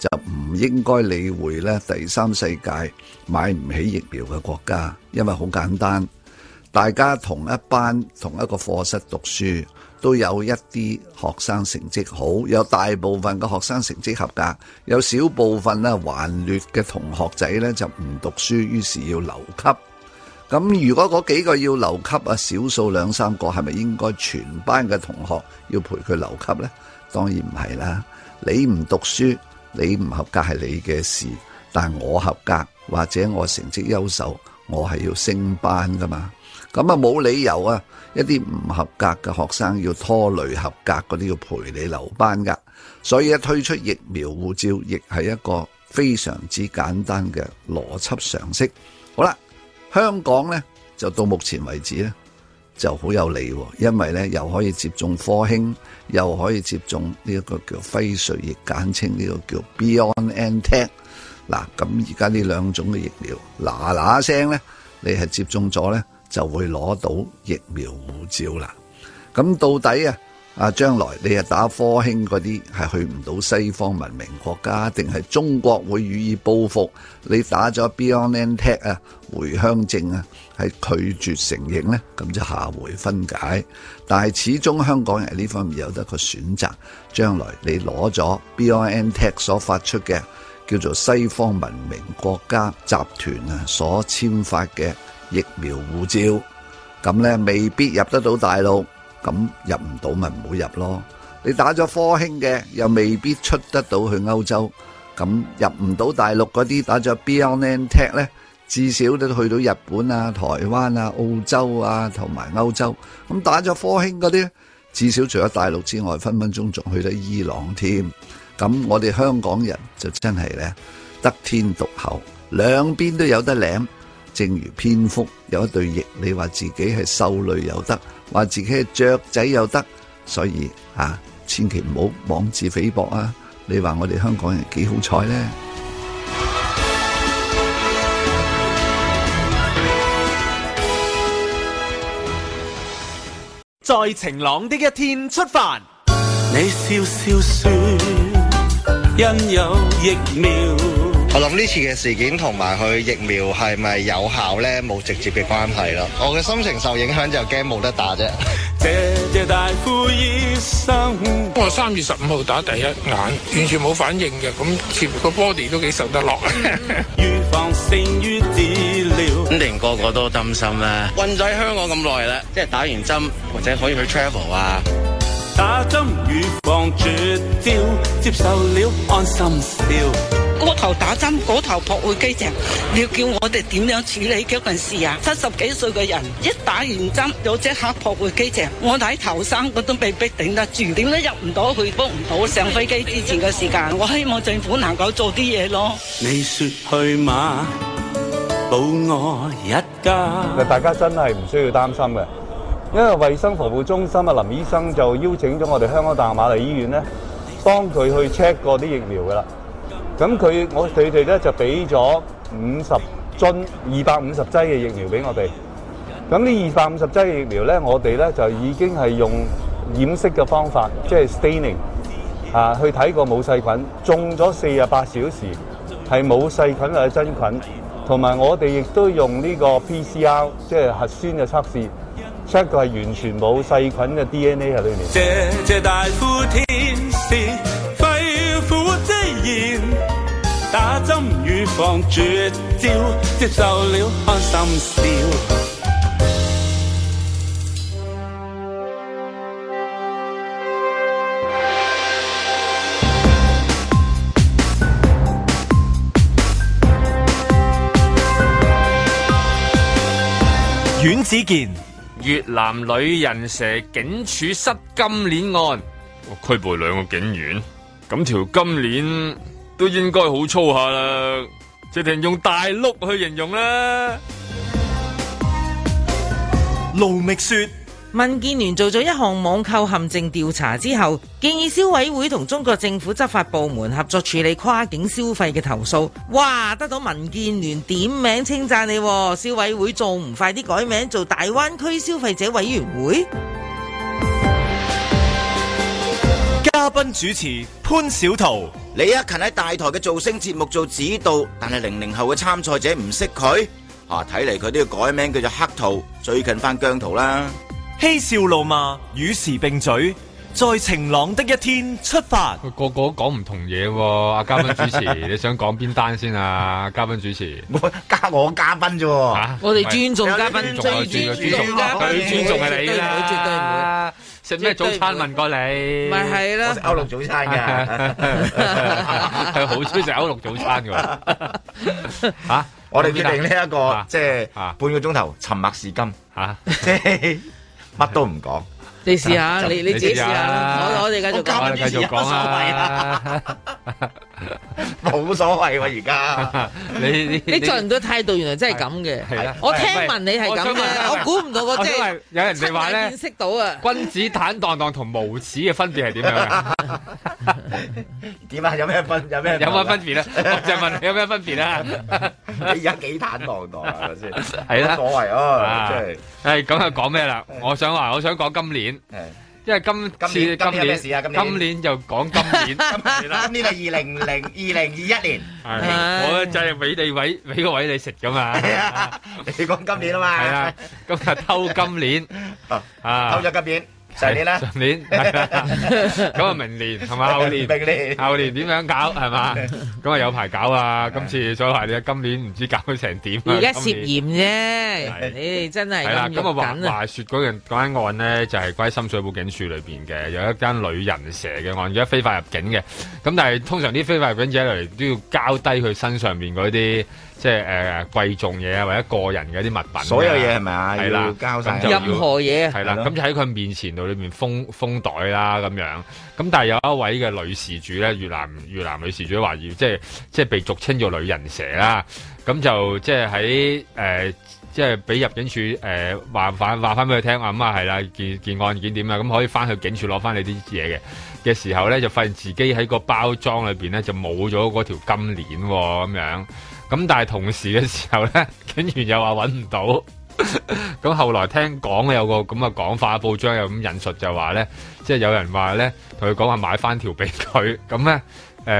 就唔應該理會咧，第三世界買唔起疫苗嘅國家，因為好簡單。大家同一班同一個課室讀書，都有一啲學生成績好，有大部分嘅學生成績合格，有少部分咧頑劣嘅同學仔咧就唔讀書，於是要留級。咁如果嗰幾個要留級啊，少數兩三個，係咪應該全班嘅同學要陪佢留級呢？當然唔係啦，你唔讀書。你唔合格係你嘅事，但係我合格或者我成績優秀，我係要升班㗎嘛。咁啊冇理由啊，一啲唔合格嘅學生要拖累合格嗰啲要陪你留班㗎。所以一推出疫苗護照，亦係一個非常之簡單嘅邏輯常識。好啦，香港呢，就到目前為止就好有利，因為咧又可以接種科興，又可以接種呢一個叫輝瑞，亦簡稱呢個叫 BioNTech。嗱，咁而家呢兩種嘅疫苗，嗱嗱聲咧，你係接種咗咧，就會攞到疫苗護照啦。咁到底啊？啊！將來你係打科興嗰啲係去唔到西方文明國家，定係中國會予以報復？你打咗 Biontech 啊、回鄉證啊，係拒絕承認咧，咁就下回分解。但係始終香港人喺呢方面有得個選擇。將來你攞咗 Biontech 所發出嘅叫做西方文明國家集團啊所簽發嘅疫苗護照，咁咧未必入得到大陸。咁入唔到咪唔好入咯！你打咗科興嘅又未必出得到去歐洲，咁入唔到大陸嗰啲打咗 Biontech 呢，至少都去到日本啊、台灣啊、澳洲啊同埋歐洲。咁打咗科興嗰啲，至少除咗大陸之外，分分鐘仲去咗伊朗添。咁我哋香港人就真係呢，得天獨厚，兩邊都有得領。正如蝙蝠有一對翼，你話自己係獸類又得。話自己係雀仔又得，所以啊，千祈唔好妄自菲薄啊！你話我哋香港人幾好彩咧？在晴朗的一天出發，你笑笑說，因有疫苗。我諗呢次嘅事件同埋佢疫苗係咪有效咧，冇直接嘅關係咯。我嘅心情受影響就驚冇得打啫。謝謝大夫醫生。我三月十五號打第一眼，完全冇反應嘅，咁似乎個 body 都幾受得落。預防勝於治療，肯定個個都擔心啦。運仔香港咁耐啦，即係打完針或者可以去 travel 啊。打針預防絕招，接受了安心笑。嗰頭打針，嗰頭撲去機場，你要叫我哋點樣處理嗰件事啊？七十幾歲嘅人一打完針，就即刻撲去機場。我睇頭生我都未必頂得住，點都入唔到去，幫唔到上飛機之前嘅時間。我希望政府能夠做啲嘢咯。你說去嘛？保我一家。嗱，大家真係唔需要擔心嘅，因為衛生防護中心嘅林醫生就邀請咗我哋香港大學瑪麗醫院咧，幫佢去 check 過啲疫苗噶啦。咁佢我佢哋咧就俾咗五十樽二百五十劑嘅疫苗俾我哋。咁呢二百五十劑嘅疫苗咧，我哋咧就已經係用染色嘅方法，即係 staining 啊，去睇過冇細菌，種咗四十八小時係冇細菌或者真菌。同埋我哋亦都用呢個 PCR，即係核酸嘅測試，check 過係完全冇細菌嘅 DNA 喺裏面。謝謝大夫天使肺腑之言。打針預防絕招接受了開心笑。阮子健，越南女人蛇警署失金鏈案，我拘捕兩個警員，咁條金鏈，都應該好粗下啦，直情用大碌去形容啦。盧覓雪，民建聯做咗一項網購陷阱調查之後，建議消委會同中國政府執法部門合作處理跨境消費嘅投訴。哇，得到民建聯點名稱讚你，消委會仲唔快啲改名做大灣區消費者委員會。賓主持潘小濤，李克勤喺大台嘅造星節目做指導，但係零零後嘅參賽者唔識佢，啊睇嚟，佢都要改名叫做黑桃。最近翻姜濤啦，嬉笑怒罵與時並舉。在晴朗的一天出發，個個講唔同嘢喎。阿嘉賓主持，你想講邊單先啊？嘉賓主持，加我嘉賓啫。我哋尊重嘉賓，尊重嘉賓，尊重係你啦。佢絕對唔會。食咩早餐？問過你咪係啦。食歐陸早餐㗎，佢好鍾意食歐陸早餐㗎。吓，我哋決定呢一個即係半個鐘頭沉默是金吓，即係乜都唔講。你試下，下，你你自己試下啦，啊。我我哋繼續講，繼續講啊。 冇 所謂喎、啊， 而家你你，你做人嘅態度原來真係咁嘅。係啦、啊，我聽聞你係咁嘅，我估唔到個即係有人哋話咧，識到啊，君子坦蕩蕩同無恥嘅分別係點樣㗎？點 啊？有咩分？有咩？有咩分別咧？ 我就問你有咩分別 啊？你而家幾坦蕩蕩啊？先係啦，所謂哦。係咁係講咩啦？我想話，我想講今年。 因為今今年今年就講今年，今年係二零零二零二一年，我就係俾你位俾個位你食㗎嘛。你講今年啊嘛，今日偷今年啊，偷咗今年。上年啦，上年係啊，咁啊，明年係嘛，後年明年後年點樣搞係嘛？咁啊，有排搞啊！今次再排你啊，今年唔知搞到成點啊！而家涉嫌啫，你哋真係係啦。咁啊話話説嗰樣嗰單案咧，就係關深水埗警署裏邊嘅，有一間女人蛇嘅案，而家非法入境嘅。咁但係通常啲非法入境者嚟都要交低佢身上面嗰啲，即係誒、呃、貴重嘢啊，或者個人嘅啲物品，所有嘢係咪啊？係啦，交曬、嗯、任何嘢，係啦。咁、嗯、就喺佢面前度裏面封封袋啦，咁樣。咁但係有一位嘅女事主咧，越南越南女事主話要即係即係被俗稱做女人蛇啦。咁、嗯、就即係喺誒即係俾入境處誒話返話翻俾佢聽啊。咁啊係啦，見見案件點啊，咁、嗯、可以翻去警署攞翻你啲嘢嘅嘅時候咧，就發現自己喺個包裝裏面咧就冇咗嗰條金鏈喎，咁樣。咁但係同時嘅時候呢，竟然又話揾唔到。 咁後來聽講有個咁嘅講法，報章有咁引述就話呢，即係有人話呢，同佢講話買翻條俾佢。咁呢，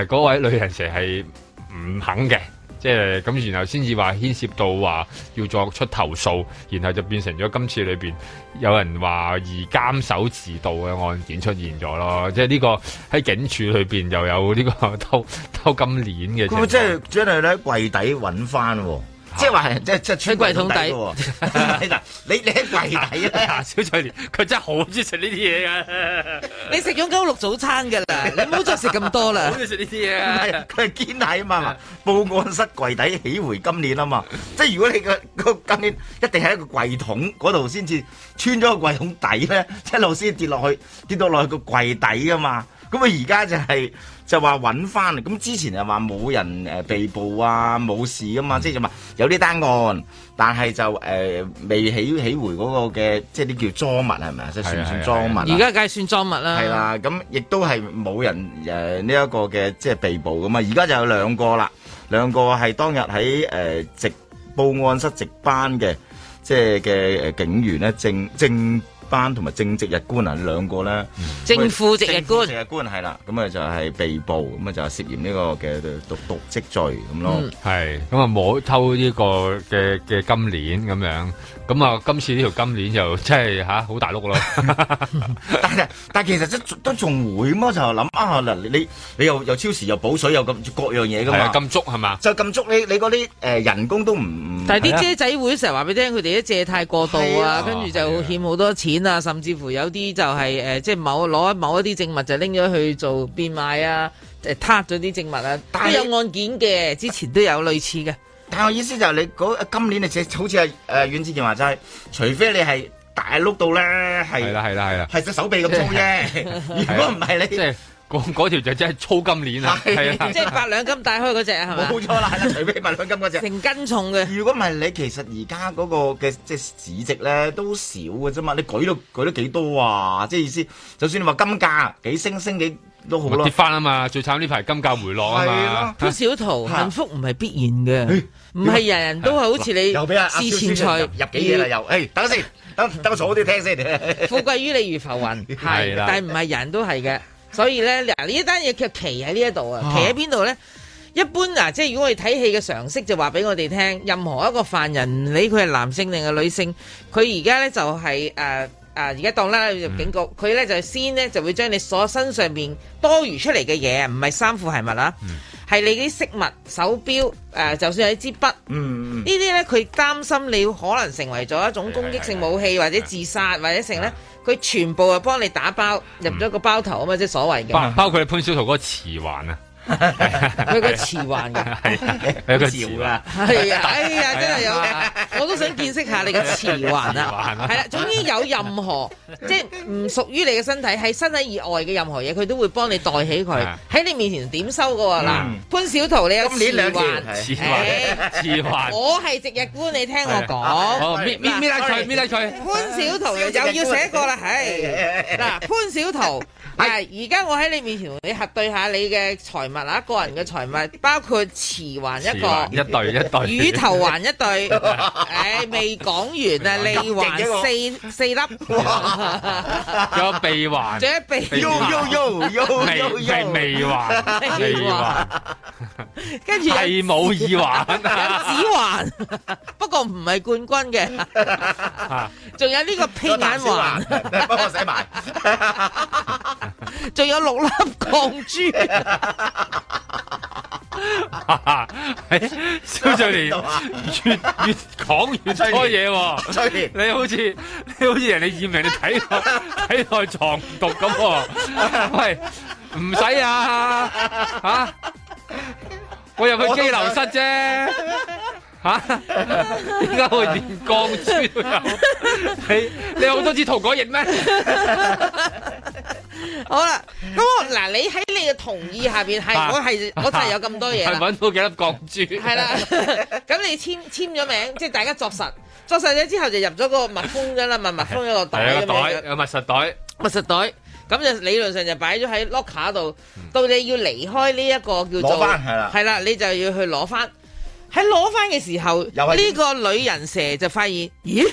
嗰位旅行社係唔肯嘅。即係咁，然後先至話牽涉到話要作出投訴，然後就變成咗今次裏面有人話疑監守自盜嘅案件出現咗咯。即係呢個喺警署裏面又有呢、這個偷偷金鏈嘅。即係將佢咧櫃底揾翻喎。即係話，即係穿櫃桶底喎。嗱， 你你喺櫃底啊， 小翠蓮，佢真係好中意食呢啲嘢噶。你食咗九六早餐噶啦，你唔好再食咁多啦。好中意食呢啲嘢，佢係堅毅啊嘛。 報案室櫃底起回今年啊嘛？即係如果你個、嗰個今年一定喺一個櫃桶嗰度先至穿咗個櫃桶底咧，一路先跌落去，跌到落去個櫃底噶嘛。咁啊、就是，而家就係就話揾翻，咁之前就話冇人被捕啊，冇事噶嘛，即、嗯、係、就是、有啲單案，但係就未、呃、起起回嗰個嘅，即係啲叫贓物係咪啊？即係算唔算贓物。而家梗係算贓物啦。係啦、啊，咁亦都係冇人呢一、呃這個嘅即係被捕噶嘛。而家就有兩個啦，兩個係當日喺誒值報案室值班嘅，即係嘅、呃、警員咧，正正。班同埋正值日官啊，兩個咧，正副值日官日官係啦，咁啊就係被捕，咁啊就係涉嫌呢個嘅瀆職罪咁、嗯、咯，係咁啊冇偷呢個嘅嘅金鏈咁樣。咁、嗯、啊！今次呢條金鏈就真係吓，好大碌咯，但係但係其實都仲會麼就諗啊嗱，你你，你又又超時又補水又咁各樣嘢噶嘛，咁、啊、足係嘛？就咁足你你嗰啲、呃、人工都唔，但係啲姐仔會成日話俾你聽佢哋啲借貸過度啊，啊跟住就欠好多錢啊，啊，甚至乎有啲就係即係某攞某一啲證物就拎咗去做變賣啊，誒撻咗啲證物啊，都有案件嘅，之前都有類似嘅。但係我意思就係你嗰，今年你似好似啊誒阮志健話齋，除非你係大碌到咧，係係啦係啦係啦，係隻手臂咁粗啫。如果唔係你即係嗰嗰條就真係粗金鏈啊，係啊，即係八兩金帶開嗰隻係咪？冇錯啦，除非八兩金嗰隻成斤重嘅。如果唔係你，其實而家嗰個嘅即係市值咧都少嘅啫嘛，你舉都舉得幾多啊？即係意思，就算你話金價幾升升幾。都好，跌翻啊嘛！ 最慘呢排金價回落啊嘛。潘小濤，幸福唔係必然嘅，唔係人人都係好似你前菜。又俾阿阿入幾嘢啦又，誒、欸，等先， 等等我坐好啲聽先。 富貴於你如浮雲，係， 但係唔係人都係嘅，所以咧，嗱 呢單嘢其實奇喺呢一度啊，奇喺邊度咧？呢 一般嗱，即係如果我哋睇戲嘅常識就話俾我哋聽，任何一個犯人，唔理佢係男性定係女性，佢而家咧就係、是、誒。呃啊！而家當啦入警局，佢、嗯、咧就先咧就會將你所身上邊多餘出嚟嘅嘢，唔係衫褲鞋襪啦，係、嗯、你啲飾物、手表，誒、啊，就算係支筆，嗯嗯、呢啲咧佢擔心你可能成為咗一種攻擊性武器，嗯嗯、或者自殺，或者成咧，佢、嗯、全部啊幫你打包入咗個包頭啊嘛、嗯，即係所謂嘅，包括你潘小桃嗰個磁環啊。佢 個磁環嘅，係佢、嗯、個搖啦，係 啊、哎，哎呀，真係有，我都想見識下你嘅磁環啊！係 啊，總之有任何 即係唔屬於你嘅身體，係身體以外嘅任何嘢，佢都會幫你代起佢喺你面前點收嘅嗱、嗯、潘小濤，你有磁環，磁環，磁、哎哎、我係值日官，你聽我講，潘小濤又要寫過啦，係嗱潘小濤。啊係，而家我喺你面前，你核對下你嘅財物啊，個人嘅財物，包括瓷環一個，一對一對，乳頭環一對，誒、 哎，未講完啊，耳環四四粒，仲 有鼻環，仲有鼻環，腰腰腰腰腰腰腰，跟住係冇耳環啊 紫，指環，不過唔係冠軍嘅，仲 有呢個屁眼環，你幫我寫埋。 寫 仲有六粒鋼珠，肖卓賢越越講越多嘢， 你好似你好似人哋驗人你睇內體內藏毒咁喎，喂唔使啊吓、啊，我入去機樓室啫，吓點解會連鋼珠都有？你你有好多支塗改液咩？ 好啦，咁嗱，你喺你嘅同意下邊，係 我係我就係有咁多嘢，係 搵到幾粒鋼珠， 係啦。咁你簽簽咗名，即係大家作實，作實咗之後就入咗個密封咗啦，密 密封咗個袋，那個、袋個密實袋，密實袋。咁就理論上就擺咗喺 locker 度，到你要離開呢一個叫做，係啦，係啦，你就要去攞翻。喺攞翻嘅時候，呢、呢個女人蛇就發現，咦？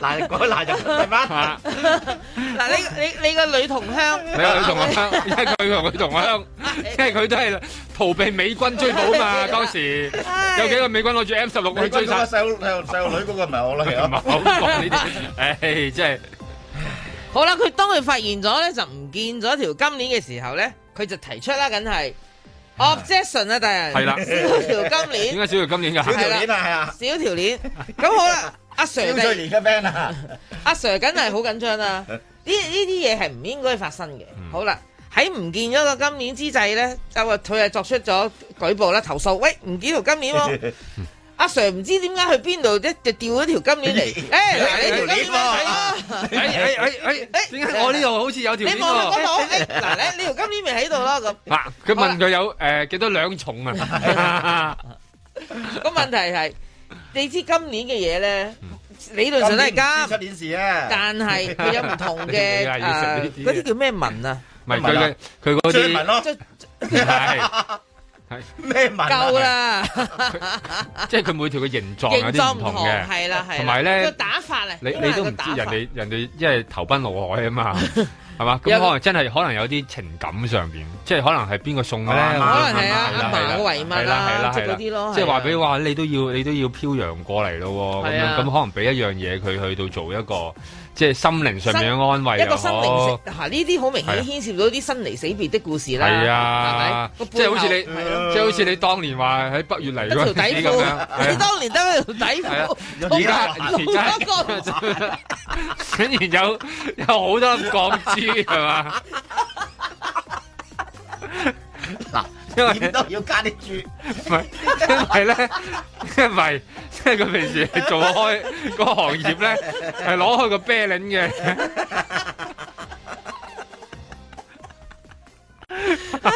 嗱，嗰嗱就係嘛。嗱，你你你個女同鄉，你個女同鄉，即係佢同佢同鄉，即係佢都係逃避美軍追捕嘛。當時有幾個美軍攞住 M 十六去追殺細佬細細路女，嗰個唔係我嚟啊！唔好講呢啲，唉，即係好啦。佢當佢發現咗咧，就唔見咗條金鏈嘅時候咧，佢就提出啦，梗係 objection 啊，大人係啦，少條金鏈，點解少條金鏈嘅？少條鏈啊，係啊，少條鏈。咁好啦。阿 sir，小作業嘉賓啊！阿 sir，梗係好緊張啦！呢呢啲嘢係唔應該發生嘅。好啦，喺唔見咗個金鏈之際咧，就話佢係作出咗舉報啦、投訴。喂，唔見條金鏈喎！阿 sir，唔知點解去邊度啫？就掉咗條金鏈嚟。誒，你條金鏈喺邊啊？誒誒誒誒誒！我呢度好似有條。你望下我冇？嗱，你呢條金鏈咪喺度咯咁。嗱，佢問佢有誒幾多兩重啊？個問題係。你知今年嘅嘢咧，理論上都係金，出年事啊！但係佢有唔同嘅誒，嗰啲叫咩紋啊？唔係佢，佢嗰啲追紋咯，係係咩紋？夠啦！即係佢每條嘅形狀有啲唔同嘅，係啦係。同埋咧，個打法咧，你你都唔知人哋人哋因為投奔怒海啊嘛。係嘛？咁可能真係可能有啲情感上面，即係可能係邊個送嘅咧？可能係啊，唔同嘅遺物啦，係嗰啲咯。即係話俾你話，你都要你都要漂洋過嚟咯。咁樣咁可能俾一樣嘢佢去到做一個。即係心靈上面嘅安慰，個心靈，嚇呢啲好明顯牽涉到啲生離死別的故事啦，係咪？即係好似你，即係好似你當年話喺北越嚟嗰條底褲咁樣，你當年得嗰條底褲，而家好多個，竟然有有好多講豬係嘛？嗱，因為你都要加啲豬，唔係，因為咧，因為。即係佢平時係做開嗰個行業咧，係攞開個啤領嘅，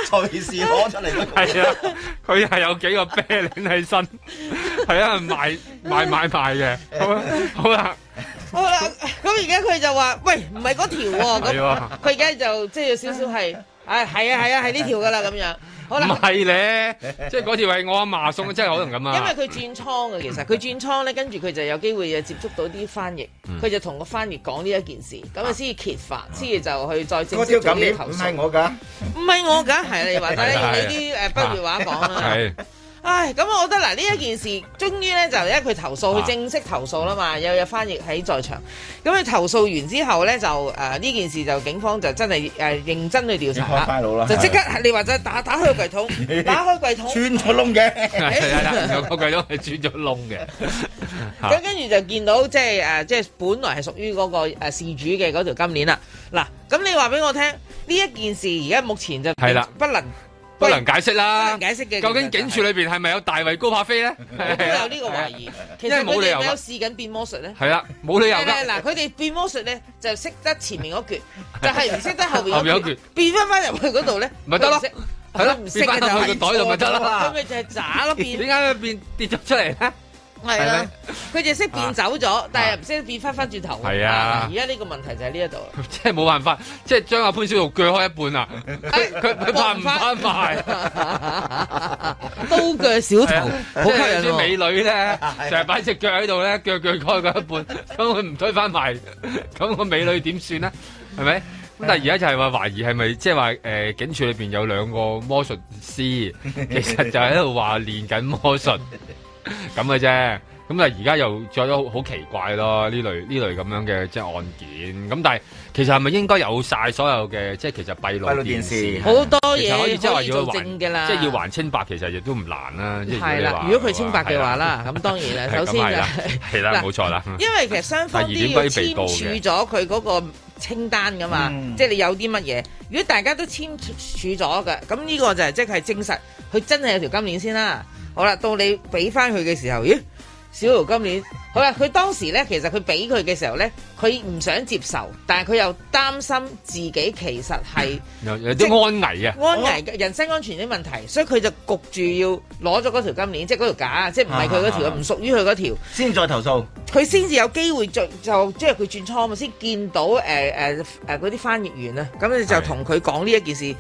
隨時攞出嚟都係啊！佢係有幾個啤領喺身，係啊，賣賣賣賣嘅，好啦，好啦，咁而家佢就話：喂，唔係嗰條喎，咁佢而家就即係有少少係，誒，係啊，係啊，係呢條噶啦，咁樣。唔係咧，是 即係嗰次係我阿嫲送， 真係可能咁啊。因為佢轉倉嘅其實，佢轉倉咧， 跟住佢就有機會接觸到啲翻譯，佢、嗯、就同個翻譯講呢一件事，咁啊先至揭發，先、啊、至就去再正式做啲投訴。我、啊、噶，唔係我噶，係你話大家用你啲誒不如話講。啊啊唉，咁我覺得嗱，呢一件事終於咧就因為佢投訴，佢正式投訴啦嘛，又有翻譯喺在，在場。咁佢投訴完之後咧就誒呢、啊、件事就警方就真係誒、啊、認真去調查。快樂啦！就即刻你話就打打開櫃桶，打開櫃桶， 打開個櫃桶穿咗窿嘅。係啦，有個櫃桶係穿咗窿嘅。咁跟住就見到即係誒即係本來係屬於嗰、那個誒事、啊、主嘅嗰條金鏈啦。嗱、啊，咁你話俾我聽呢一件事而家目前就係啦，不能。不能解釋啦！究竟警署裏邊係咪有大衛高柏飛咧？我都有呢個懷疑，因為冇理由有試緊變魔術咧。係啦，冇理由㗎。嗱，佢哋變魔術咧就識得前面嗰橛，就係唔識得後面嗰橛。變翻翻入去嗰度咧，咪得咯？係咯，唔識就擺喺個袋度咪得啦嘛。咁咪就係渣咯變。點解變跌咗出嚟咧？係啦，佢就識變走咗，啊，但係唔識變翻翻轉頭。係啊，而家呢個問題就喺呢一度，即係冇辦法，即係將阿潘小玉鋸開一半啊！佢佢佢怕唔翻埋？ 刀鋸小頭，啊，好吸引啲美女咧，成日擺隻腳喺度咧，腳鋸開佢一半，咁佢唔推翻埋，咁個美女點算咧？係咪？咁但係而家就係話懷疑係咪即係話誒警署裏邊有兩個魔術師，其實就喺度話練緊魔術。咁嘅啫，咁啊而家又著咗好奇怪咯呢類呢類咁樣嘅即係案件，咁但係其實係咪應該有晒所有嘅即係其實閉路電視？閉路電視好多嘢可以即係話要還證嘅啦，即係要還清白，其實亦都唔難啦、啊。係啦，如果佢清白嘅話 是的、就是、 錯啦，咁當然啦首先係啦，冇錯啦。因為其實雙方都要簽署咗佢嗰個清單噶嘛，嗯、即係你有啲乜嘢。如果大家都簽署咗嘅，咁呢個就係即係係證實佢真係有條金鏈先啦。好啦，到你俾翻佢嘅時候，咦？小條金鏈好啦，佢當時呢，其實佢俾佢嘅時候呢，佢唔想接受，但係佢又擔心自己其實係、嗯、有有啲安危啊，安危嘅人身安全啲問題，哦、所以佢就焗住要攞咗嗰條金鏈，即係嗰條假，即係唔係佢嗰條，唔屬於佢嗰條，先再投訴，佢先至有機會就就即係佢轉倉先見到誒誒誒嗰啲翻譯員啦，咁你就同佢講呢一件事。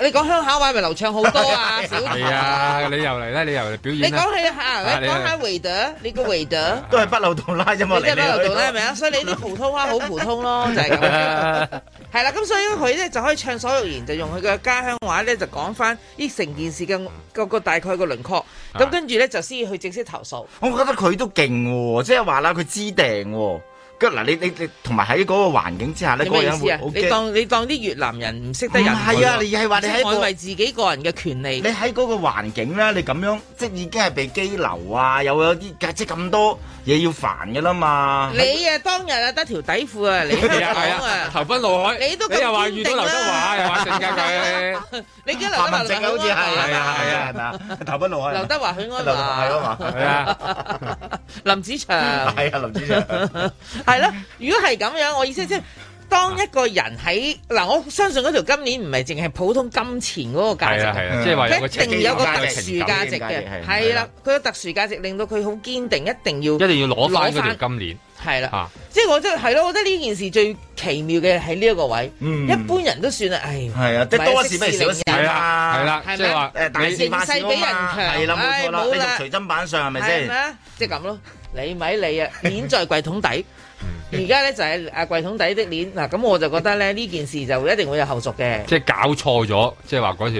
你講鄉下話咪流暢好多啊！小 係啊，啊，你又嚟啦！ 你又嚟表演你講起下，講下 waiter 你個 waiter 都係不流動啦，因嘛！你即係、 這個、不流動啦，係咪啊？所以你啲普通話好普通咯， 就係咁啦。係 啦、啊、咁、啊、所以佢咧就可以暢所欲言，就用佢嘅家鄉話咧就講翻呢成件事嘅個大概個輪廓。咁跟住咧就先去正式投訴。我覺得佢都勁喎、哦，即係話啦，佢知定喎。嗱，你你你，同埋喺嗰個環境之下咧，那個人會好驚。你當你當啲越南人唔識得人，唔係啊，那個、你係話你喺，捍衛自己個人嘅權利。你喺嗰個環境咧，你咁樣即已經係被羈留啊，又有啲即咁多。嘢要煩㗎啦嘛！你啊，當日啊得條底褲啊你啊，投奔怒海。你都咁又話遇到劉德華，又話性格佢，你記得劉德華，林子祥好似係係啊係啊嗱，投奔怒海。劉德華許鞍華係啊，林子祥係啊，林子祥係囉。如果係咁樣，我意思即係。當一個人喺嗱、啊，我相信嗰條金鏈唔係淨係普通金錢嗰個價值，係啊係、啊啊啊、一定有個特殊價值嘅，係啦，佢個、啊啊、特殊價值令到佢好堅定，一定要一定要攞翻嗰條金鏈，係啦，即係我真係咯，啊啊啊啊、我覺得呢件事最奇妙嘅喺呢一個位、嗯，一般人都算你事事多沒啦，係啊，多一時不如少一時，係啦即係話誒，大勢比人強，係啦冇啦，隨真版上係咪先？即係咁咯，你咪你啊，掩在櫃桶底。而家咧就係阿櫃桶底的鏈，嗱，咁我就覺得咧呢件事就一定會有後續嘅。即係搞錯咗，即係話條誒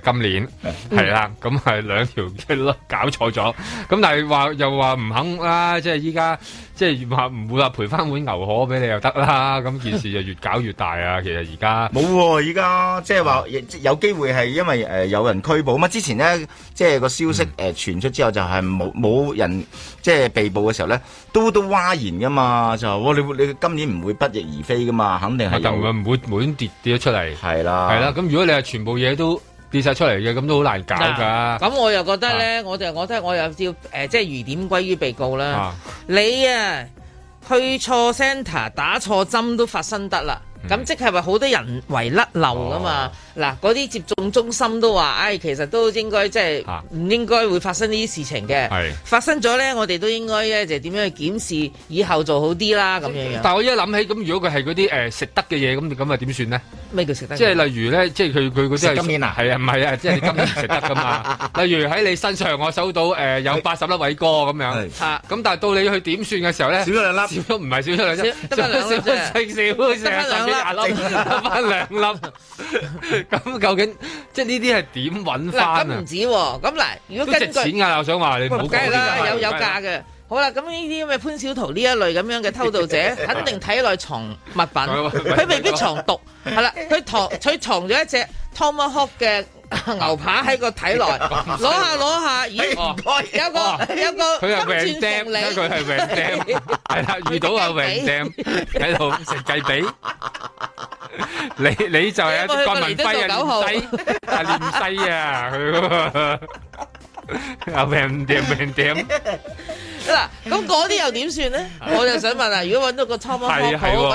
金鏈，係、嗯、啦，咁係兩條嘢咯，搞錯咗。咁但係話又話唔肯啦，即係依家即係話唔會話賠翻碗牛河俾你又得啦。咁件事就越搞越大 啊！其實而家冇喎，而家即係話有機會係因為誒有人拘捕嘛。之前咧即係個消息誒傳出之後就係冇冇人即係、就是、被捕嘅時候咧，都都嘩然噶嘛就。我、哦、你你今年唔會不翼而飛噶嘛，肯定係唔會唔會跌跌咗出嚟。係啦，啦，係啦。咁如果你係全部嘢都跌晒出嚟嘅，咁都好難搞㗎、啊啊。咁我又覺得咧、啊，我就覺得我又要誒即係疑點歸於被告啦。啊你啊，去錯 centre 打錯針都發生得啦。咁、 嗯、即係話好多人為甩漏㗎嘛？嗱、哦，嗰啲接種中心都話，唉、哎，其實都應該即係唔應該會發生呢啲事情嘅、啊。發生咗咧，我哋都應該咧就點、是、樣去檢視，以後做好啲啦咁樣。但我一諗起咁，那如果佢係嗰啲誒食得嘅嘢，咁咁啊點算呢？咩叫食得？即係例如咧，即係佢佢嗰啲係今年啊？係啊，唔係啊，即、就、係、是、今年食得㗎嘛？ 例如喺你身上，我收到誒、呃、有八十粒偉哥咁樣。係咁、啊、但係到你去點算嘅時候咧？少咗兩粒，少咗唔係少咗兩粒，少少少少少少。粒，攞翻兩粒。咁 究竟，即係呢啲係點揾翻？咁唔止喎、啊。咁嗱，如果根據值錢嘅、啊，我想話你梗係啦，有有價嘅。好啦，咁呢啲咁嘅潘小桃呢一類咁樣嘅偷渡者，肯定體內藏物品，佢未必藏毒，係啦，佢藏佢藏咗一隻 Tomahawk 嘅牛扒喺個體內，攞下攞下，咦，有個有個，佢係泳釘，佢係泳釘，係啦，遇到阿泳釘喺度食雞髀，你你就係郭文輝啊，連西啊，連西啊，阿泳釘泳釘。嗱，咁嗰啲又點算咧？我就想問啊，如果揾到個差唔多，我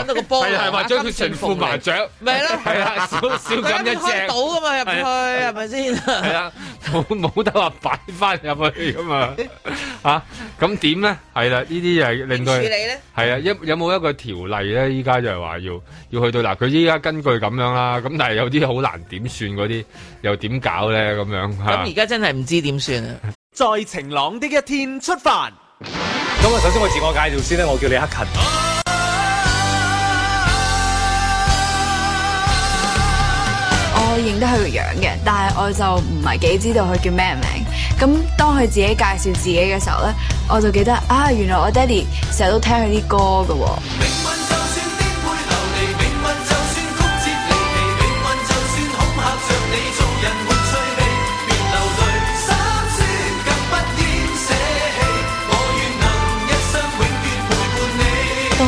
揾到個波，係係話將佢全副麻雀，咪咯，係啊，少少咁一隻，開到噶嘛入去，係咪先？係啊，冇冇得話擺翻入去噶嘛？嚇，咁點咧？係啦，呢啲又令佢處理咧。係啊，一有冇一個條例咧？依家就係話要要去到嗱，佢依家根據咁樣啦，咁但係有啲好難點算嗰啲，又點搞咧？咁樣嚇，咁而家真係唔知點算啊！在晴朗的一天出發。咁啊，首先我自我介紹先咧，我叫李克勤。我認得佢個樣嘅，但係我就唔係幾知道佢叫咩名。咁當佢自己介紹自己嘅時候咧，我就記得啊，原來我爹哋成日都聽佢啲歌噶。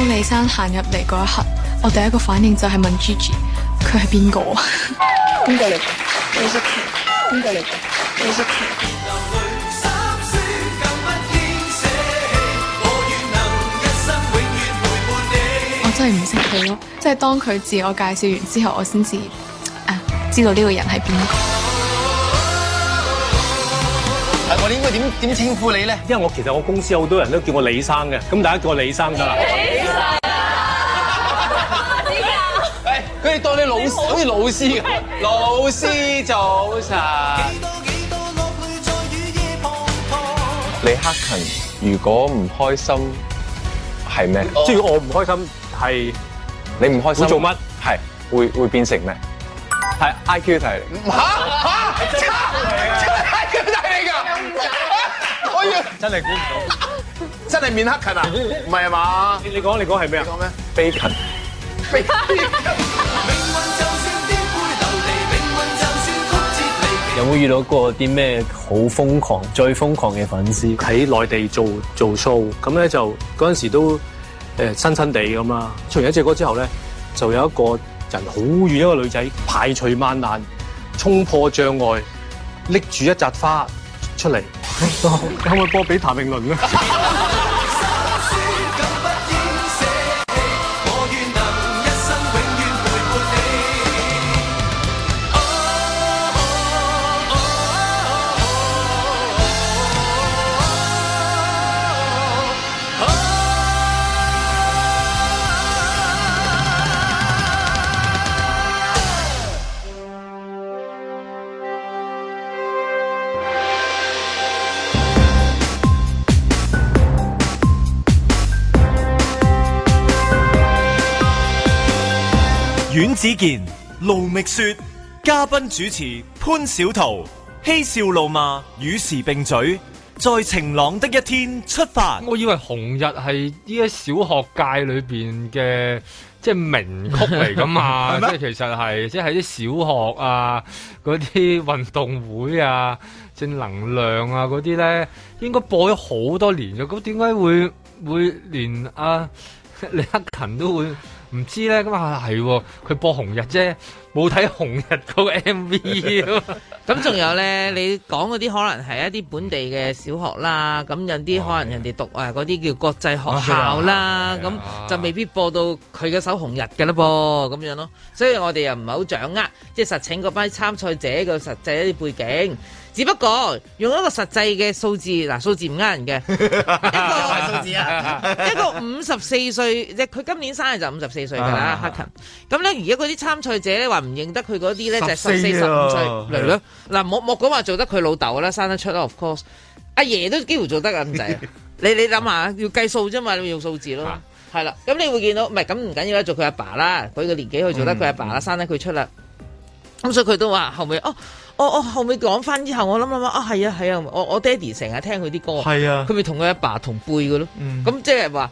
李生行入嚟嗰一刻，我第一個反應就係問 Gigi，佢係邊個？邊個嚟嘅？唔識佢。邊個嚟嘅？唔識佢。的叔叔」我真係唔識佢咯，即係當佢自我介紹完之後，我先至誒知道呢個人係邊個。我哋應該點點稱呼你咧？因為我其實我公司好多人都叫我李生嘅，咁大家叫我李生得啦。 當啲老師，好似老師，老師早晨。幾多幾多落淚在雨夜滂沱。李克勤如果唔開心係咩？即、哦、如果我唔開心係你唔開心做乜？係會會變成咩？係 I Q 題嚟吓吓真係 I Q 題嚟噶！我 真係估唔到，真係面黑勤啊？唔係啊嘛？你講你講係咩啊？講咩？悲勤 有冇遇到過啲咩好瘋狂、最瘋狂嘅粉絲喺內地做做 show？咁咧就嗰陣時都誒、欸、親親地咁啦。出完一隻歌之後咧，就有一個人好遠嘅一個女仔排除萬難，衝破障礙，拎住一扎花出嚟。可唔可以播俾譚詠麟啊？ 阮子健、盧覓雪，嘉賓主持潘小桃，嬉笑怒罵與時並嘴，在晴朗的一天出發。我以為紅日係啲小學界裏邊嘅即係名曲嚟噶嘛，即 係、就是、其實係即係啲小學啊，嗰啲運動會啊，正能量啊嗰啲咧，應該播咗好多年咗，咁點解會會連、啊、連阿李克勤都會？唔知呢，咁啊係，佢播紅日啫，冇睇紅日嗰個 MV。咁 仲有呢，你講嗰啲可能係一啲本地嘅小學啦，咁有啲可能人哋讀嗰啲叫國際學校啦，咁、哎哎、就未必播到佢嘅首紅日嘅啦噃，咁樣咯。所以我哋又唔係好掌握，即係實請嗰班參賽者嘅實際一啲背景。只不過用一個實際嘅數字，嗱、啊、數字唔呃人嘅 一個數字啊， 一個五十四歲，即佢今年生日就五十四歲㗎啦。Hakun，咁咧而家嗰啲參賽者咧話唔認得佢嗰啲咧，就係十四、十五歲嚟咯。嗱、啊啊，莫莫講話做得佢老豆啦，生得出啦，of course。阿爺都幾乎做得咁滯， 你你諗下，要計數啫嘛，你用數字咯，係、啊、啦。咁、啊、你會見到，唔係咁唔緊要啦，做佢阿爸啦，佢、那、嘅、個、年紀去做得佢阿爸啦，生得佢出啦。咁所以佢都話後尾。哦。我、哦、我後尾講翻之後，我諗諗諗啊，係啊係啊，啊，我我爹哋成日聽佢啲歌，啊，佢咪同佢阿爸同輩嘅咯。咁即係話，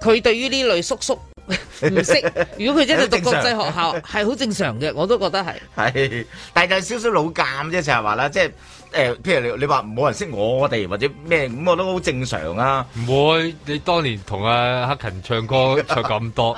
佢對於呢類叔叔唔識， 如果佢真係讀國際學校，係 好正常嘅，我都覺得係。係，但係有少少老尷啫，成日話啦，即係誒，譬如你你話冇人識我哋或者咩，咁我都好正常啊。唔會，你當年同阿黑勤唱歌唱咁多，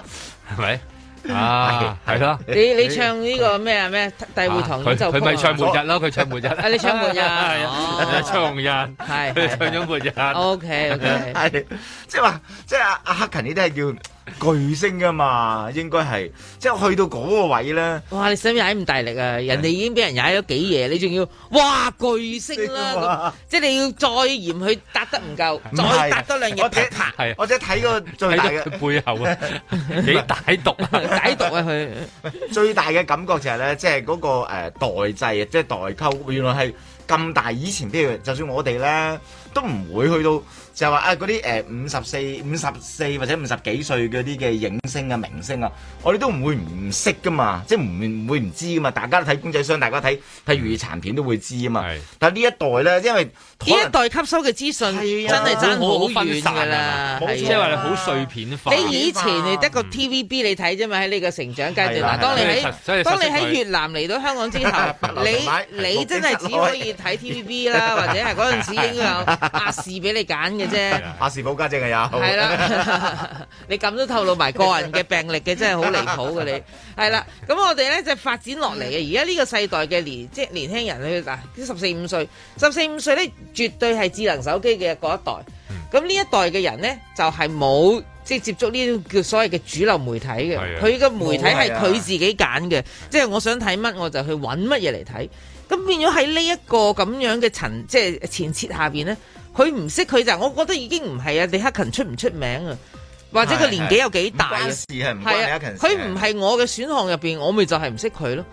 係咪。 啊，係咯！你你唱呢個咩啊咩？大會堂就佢佢咪唱末日咯，佢唱末日。啊，你,你唱末日，啊、唱紅日，佢唱咗末日。O K O K，係即係話，即係阿阿克勤呢啲係叫。巨星㗎嘛，應該係即係去到嗰個位咧。哇！你使唔使踩咁大力啊？人哋已經俾人踩咗幾嘢，你仲要哇巨星啦！即係你要再嫌佢搭得唔夠，再搭多兩日爬爬。我者睇個最大嘅背後啊，歹毒歹毒啊佢。 啊最大嘅感覺呢就係、是、咧、那個，即係嗰個誒代際即係、就是、代溝，原來係。咁大以前，啲就算我哋咧，都唔會去到就係話啊嗰啲誒五十四、五十四或者五十幾歲嗰啲嘅影星啊、明星啊，我哋都唔會唔識噶嘛，即係唔會唔知噶嘛。大家都睇公仔商，大家睇睇粵語殘片都會知啊嘛。但係呢一代咧，因為呢一代吸收嘅資訊真係真好遠啦，即係話你好碎片化。你以前你得個 TVB 你睇啫嘛，喺、嗯、你個成長階段。當你喺當你喺越南嚟到香港之後，你你,你真係只可以。睇 TVB 啦，或者係嗰陣時已經有亞視俾你揀嘅啫。亞視保家政又有。係啦，你咁都透露埋個人嘅病歷嘅，真係好離譜嘅你。係啦，咁我哋咧就發展落嚟嘅。而家呢個世代嘅年即年輕人去嗱，十四五歲，十四五歲咧絕對係智能手機嘅嗰一代。咁呢一代嘅人咧就係冇即接觸呢啲叫所謂嘅主流媒體嘅。佢嘅媒體係佢自己揀嘅，即我想睇乜我就去揾乜嘢嚟睇。咁變咗喺呢一個咁樣嘅層，即係前設下面咧，佢唔識佢就，我覺得已經唔係啊。李克勤出唔出名啊？或者佢年紀有幾大啊？係唔關李克勤事。佢唔係我嘅選項入面，我咪就係唔識佢咯。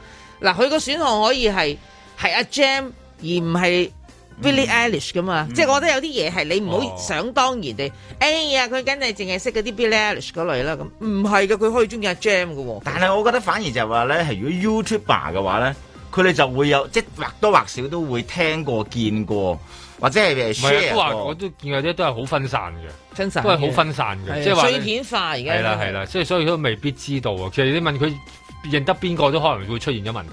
嗱，佢個選項可以係係阿 Jam 而唔係 Billie、嗯、Eilish 噶嘛？嗯、即係我覺得有啲嘢係你唔好想當然地、哦。哎呀，佢梗係淨係識嗰啲 Billie Eilish 嗰類啦。咁唔係嘅，佢可以中意阿 Jam 嘅喎。但係我覺得反而就話、係、咧，如果 YouTuber 嘅話咧。嗯佢哋就會有，即或多或少都會聽過、見過，或者係 s h a 我都見過啲，都係好分散嘅，分散都係好分散嘅，即係碎片化而家。係啦係啦，即係所以都未必知道啊！其實你問佢認得邊個，都可能會出現咗問題。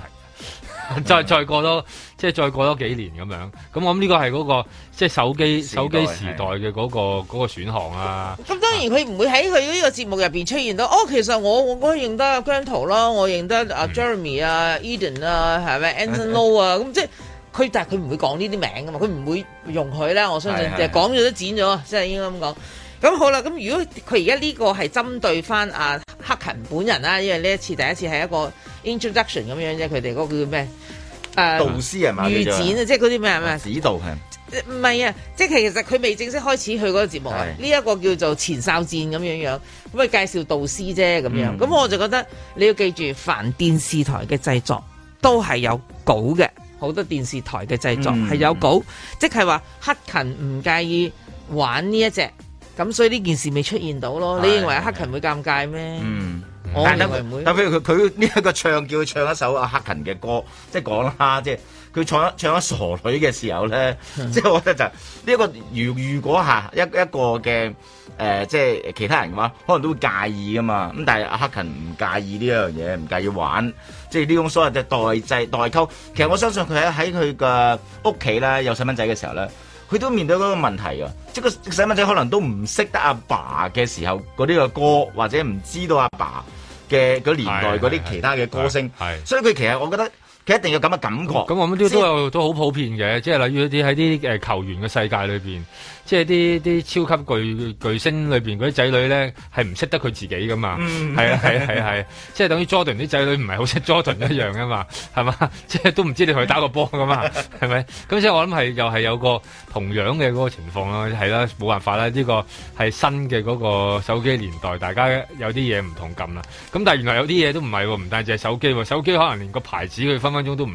再再過多即係再過多幾年咁樣，咁我呢個係嗰、那個即係手機手機時代嘅嗰、那個嗰、那個選項啊。咁當然佢唔會喺佢呢個節目入面出現到 哦。其實我我我認得姜濤啦，我認得阿 Jeremy 啊、嗯、，Eden 啊，係咪 Anson Lo 啊？咁、 嗯、即係佢，但係佢唔會講呢啲名噶嘛，佢唔會容許啦。我相信就講咗都剪咗，即係應該咁講。咁好啦，咁如果佢而家呢個係針對翻阿克勤本人啦，因為呢一次第一次係一個。Introduction 咁樣啫，佢哋嗰個叫咩？誒、呃、導師係嘛，預展係係係係啊，即係嗰啲咩，指導係唔係啊？即係其實佢未正式開始去嗰個節目。呢一個叫做前哨戰咁樣樣，咁咪介紹導師啫咁樣。咁、嗯、我就覺得你要記住，凡電視台嘅製作都係有稿嘅，好多電視台嘅製作係有稿，嗯、即係話黑勤唔介意玩呢一隻，咁所以呢件事未出現到咯。你認為黑勤會尷尬咩？嗯嗯。但係，佢佢呢一個唱佢叫佢唱一首阿克勤嘅歌，即係講啦，即係佢唱一唱咗傻女嘅時候咧，即、嗯、係我覺得就呢、是這個、一,一個如如果吓一一個嘅誒，即、呃、係、就是、其他人嘅話，可能都會介意嘅嘛。咁但係阿克勤唔介意呢樣嘢，唔介意玩，即係呢種所謂嘅代制代溝。其實我相信佢喺喺佢嘅屋企咧，有細蚊仔嘅時候咧，佢都面對嗰個問題嘅。即係個細蚊仔可能都唔識得阿爸嘅時候嗰啲個歌，或者唔知道阿爸，爸。.嘅嗰年代嗰啲其他嘅歌星，是是是是，所以佢其實我覺得佢一定有咁嘅感覺，是是是、嗯，咁我諗呢啲都有都好普遍嘅，即係例如一啲喺啲誒球員嘅世界裏邊。即係啲啲超級巨巨星裏邊嗰啲仔女咧，係唔識得佢自己噶嘛？係、嗯、啊係係係，即係等於 Jordan 啲仔女唔係好識 Jordan 一樣噶嘛？係 嘛？係即係都唔知你去打個波噶嘛？係咪？咁所以我諗係又係有個同樣嘅嗰個情況咯，係啦、啊，冇辦法啦。呢、呢個係新嘅嗰個手機年代，大家有啲嘢唔同咁啦。咁但係原來有啲嘢都唔係喎，唔單止係手機喎，手機可能連個牌子佢分分鐘都唔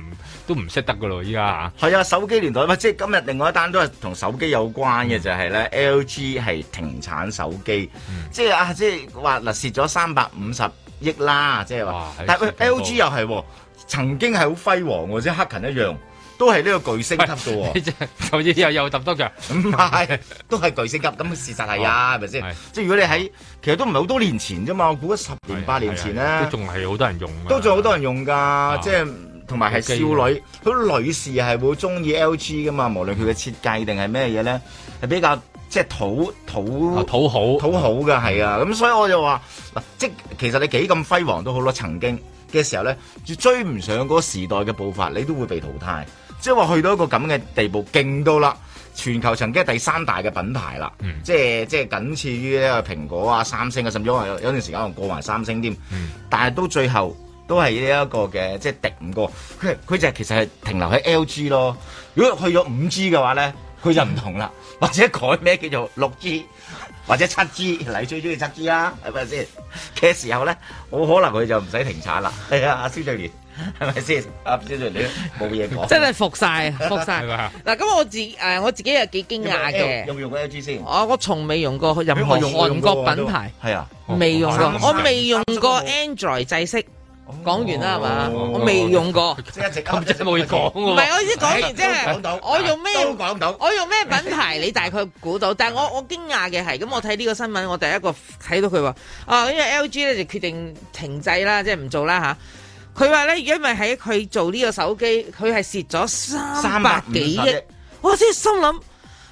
都唔識得噶咯，依家嚇。係啊，手機年代，即係今日另外一單都係同手機有關嘅。就係、是、咧，LG 係停產手機，嗯、即係啊，即係話嗱，蝕咗三百五十億啦，即係話，但係佢 LG 又係，曾經係好輝煌嘅，即係黑勤一樣，都係呢個巨星級嘅，好似又又揼多腳，唔 係，都係巨星級，咁事實係啊，係咪先？即係如果你喺，其實都唔係好多年前啫嘛，我估咗十年八年前咧，都仲係好多人用噶，都仲好多人用噶、啊，即係。同埋係少女，佢、okay. 女士係會中意 LG 嘅嘛，無論佢嘅設計定係咩嘢咧，係比較即係、即係、討討、哦、討好討好嘅係啊！咁、嗯、所以我就話嗱，即係其實你幾咁輝煌都好啦，曾經嘅時候咧，追唔上嗰個時代嘅步伐，你都會被淘汰。即係話去到一個咁嘅地步，勁到啦，全球曾經第三大嘅品牌啦、嗯，即係即係僅次於呢個蘋果啊、三星啊，甚至有有段時間仲過埋三星添、嗯。但係到最後，都係呢一個嘅，即係第五個，佢佢就其實係停留喺 L G 咯。如果去咗五 G 嘅話咧，佢就唔同啦，或者改咩叫做六 G，或者七 G，你最中意七 G 啦，係咪先？嘅時候咧，我可能佢就唔使停產啦。係啊，阿肖俊彥，係咪先？阿肖俊彥冇嘢講。的真係服曬，服晒。嗱，咁我自誒我自己又幾驚訝嘅。用冇用，用，用過 L G 先？我我從未用過任何韓國品牌，係啊，未用過，啊哦我未用過三三，我未用過 Android 製式。講完啦係嘛，我未用過，即係一直冇即係冇講喎。唔係我意思講完即係，我用咩？我用咩品牌？品牌 你大概估到？但係我我驚訝嘅係，咁我睇呢個新聞，我第一個睇到佢話，啊，因為 L G 咧就決定停滯啦，即係唔做啦吓。佢話咧，因為喺佢做呢個手機，佢係蝕咗三百幾億。哇！即係心諗，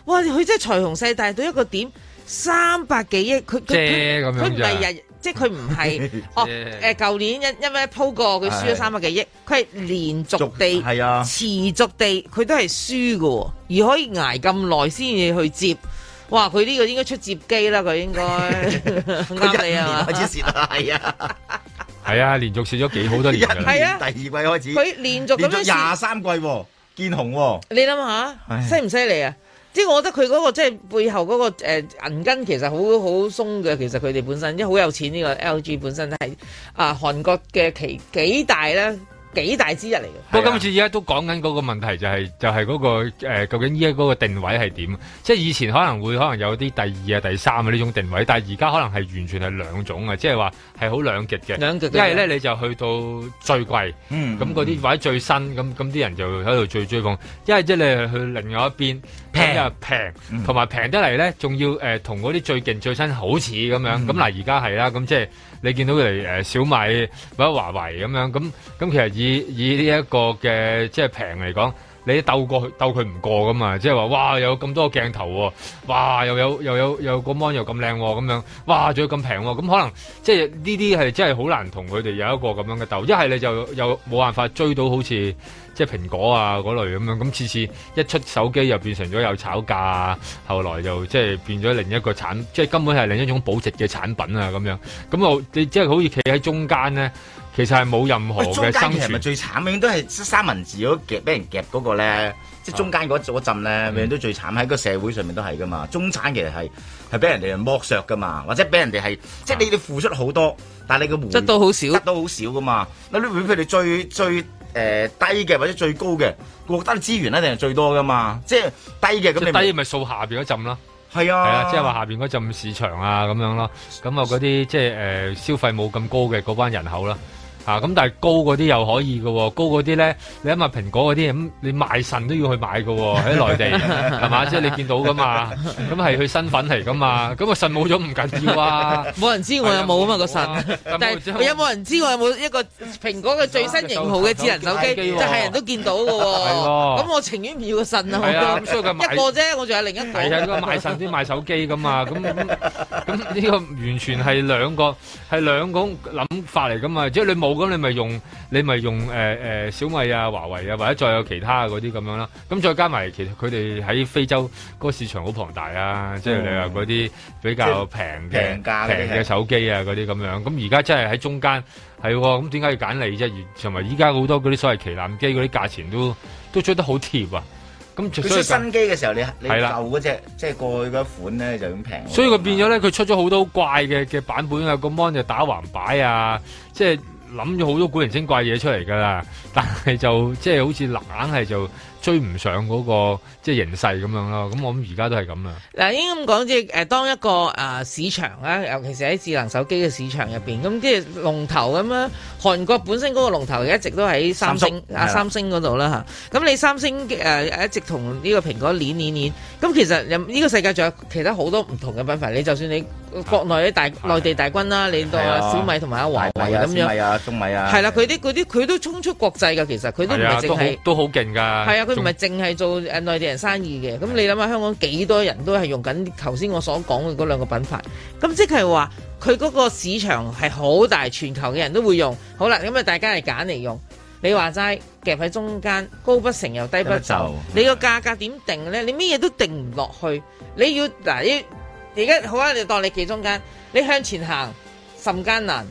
哇！佢真係財雄勢大到一個點，三百幾億，佢佢佢唔係日日。啊即係佢唔係哦，誒，舊年因因為一鋪過佢輸咗三百幾億，佢係連續地係啊，持續地佢都係輸噶，而可以捱咁耐先至去接，哇！佢呢個應該出接機啦，佢應該啱你啊！ 開始蝕啦，係啊，係 啊，連續蝕咗幾好多年了，係啊，第二季開始，佢連續咁樣廿三季、哦，見紅、哦，你諗下，犀唔犀利啊？即係我覺得佢嗰個即係背後嗰個誒銀根其實好好鬆嘅，其實佢哋本身即係好有錢，呢個 LG 本身係啊，韓國嘅其幾大咧。幾大之一嚟嘅，不過今次依家都講緊嗰個問題，就係，就係就係嗰個、呃、究竟依家嗰個定位係點？即係以前可能會可能有啲第二啊、第三啊呢種定位，但係而家可能係完全係兩種啊，即係話係好兩極嘅。兩極呢，一係咧你就去到最貴，咁嗰啲位最新，咁咁啲人就喺度最追捧；一係即係你去另外一邊平啊平，同埋平得嚟咧，仲要呃同嗰啲最勁最新好似咁、嗯、樣。咁嗱，而家係啦，咁即係。你見到佢哋誒小米或者華為咁樣咁咁，其實以以呢一個嘅即係平嚟講，你鬥過鬥佢唔過噶嘛？即係話哇，有咁多個鏡頭喎、啊，哇又有又有又有個 mon 又咁靚喎咁樣，哇仲要咁平喎，咁、啊嗯、可能即係呢啲係真係好難同佢哋有一個咁樣嘅鬥。一係你就有又冇辦法追到好似。即係蘋果啊嗰類咁樣，咁次次一出手機又變成咗又炒價啊，後來就即係變咗另一個產，即係根本係另一種保值嘅產品啊咁樣。咁我即係好似企喺中間呢，其實係冇任何嘅生存。中間其實咪最慘，永遠都係三文治嗰夾，俾人夾嗰個咧，即係中間嗰嗰陣咧，永、啊、遠都最慘。喺、嗯、個社會上面都係噶嘛，中產其實係係俾人哋嚟剝削噶嘛，或者俾人哋係即係你哋付出好多，啊、但係你嘅回，得都好少，得都好少噶嘛。嗱，你最最，最誒、呃、低嘅或者最高嘅，獲得資源一定係最多噶嘛？即係低嘅咁低咪數下面嗰浸咯。係啊，啊，啊，即係話下面嗰浸市場啊咁樣咯。咁啊嗰啲即係誒、呃、消費冇咁高嘅嗰班人口啦。啊，咁但係高嗰啲又可以嘅喎、哦，高嗰啲咧，你諗下蘋果嗰啲咁，你賣腎都要去買嘅喎、哦，喺內地係嘛，即 係、就是、你見到嘅嘛，咁係佢身份嚟嘅嘛，咁個腎冇咗唔緊要啊，冇人知我有冇啊嘛個腎，沒啊、但係有冇人知我有冇一個蘋果嘅最新型號嘅智能手機，即係、啊、人都見到嘅喎，咁、啊、我情願唔要個腎啊，一個啫，我仲有另一個，啊、賣腎先賣手機嘅嘛，咁咁呢個完全係兩個係兩個諗法嚟嘅嘛，即係你冇。咁、哦、你咪用，你咪用，誒誒、呃呃、小米啊、華為啊，或者再有其他嗰啲咁樣啦。咁再加埋，其實佢哋喺非洲嗰個市場好龐大啊。即係你話嗰啲比較平平平嘅手機啊，嗰啲咁樣。咁而家真係喺中間係，咁點解要揀你啫？同埋依家好多嗰啲所謂旗艦機嗰啲價錢都都出得好貼啊。咁所以佢出新機嘅時候，你你舊嗰隻即係過去嗰款咧就咁平。所以佢變咗咧，佢出咗好多怪嘅嘅版本啊。個 mon 就打橫擺啊，即係。諗咗好多古靈精怪嘢出嚟噶啦，但係就即係、就是、好似硬係就追唔上嗰、那個即係、就是、形勢咁樣咯。咁我諗而家都係咁啊。嗱，應該咁講即係誒，當一個、呃、市場啦，尤其是喺智能手機嘅市場入面。咁即係龍頭咁樣，韓國本身嗰個龍頭一直都喺三星啊，三星嗰度啦嚇。咁你三星、呃、一直同呢個蘋果攣攣攣，咁其實呢個世界仲有其他好多唔同嘅品牌。你就算你。國內啲大內地大軍啦，你到啊小米同埋阿華為啊咁樣，係啊，中米啊，係啦，佢啲嗰啲佢都衝出國際噶，其實佢都唔係淨係都好勁噶，係啊，佢唔係淨係做誒內地人生意嘅，咁你諗下香港幾多人都係用緊頭先我所講嘅嗰兩個品牌，咁即係話佢嗰個市場係好大，全球嘅人都會用。好啦，咁啊大家係揀嚟用，你話齋夾喺中間高不成又低不就，你個價格點定咧？你咩嘢都定唔落去，你要嗱、啊而家好啊！你當你企中間，你向前行甚艱難，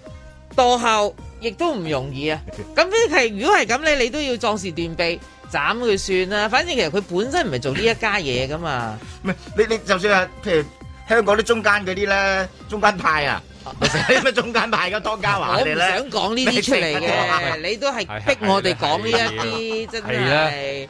墮後亦都唔容易啊！咁呢係，如果係咁，你你都要壯士斷臂斬佢算啦啊。反正其實佢本身唔係做呢一家嘢噶嘛。唔係，你你就算係譬如香港啲中間嗰啲咧，中間派啊。係咪中間派嘅湯家驊哋咧？我唔想講呢啲出嚟嘅，你都係逼我哋講呢一啲真係。係啊！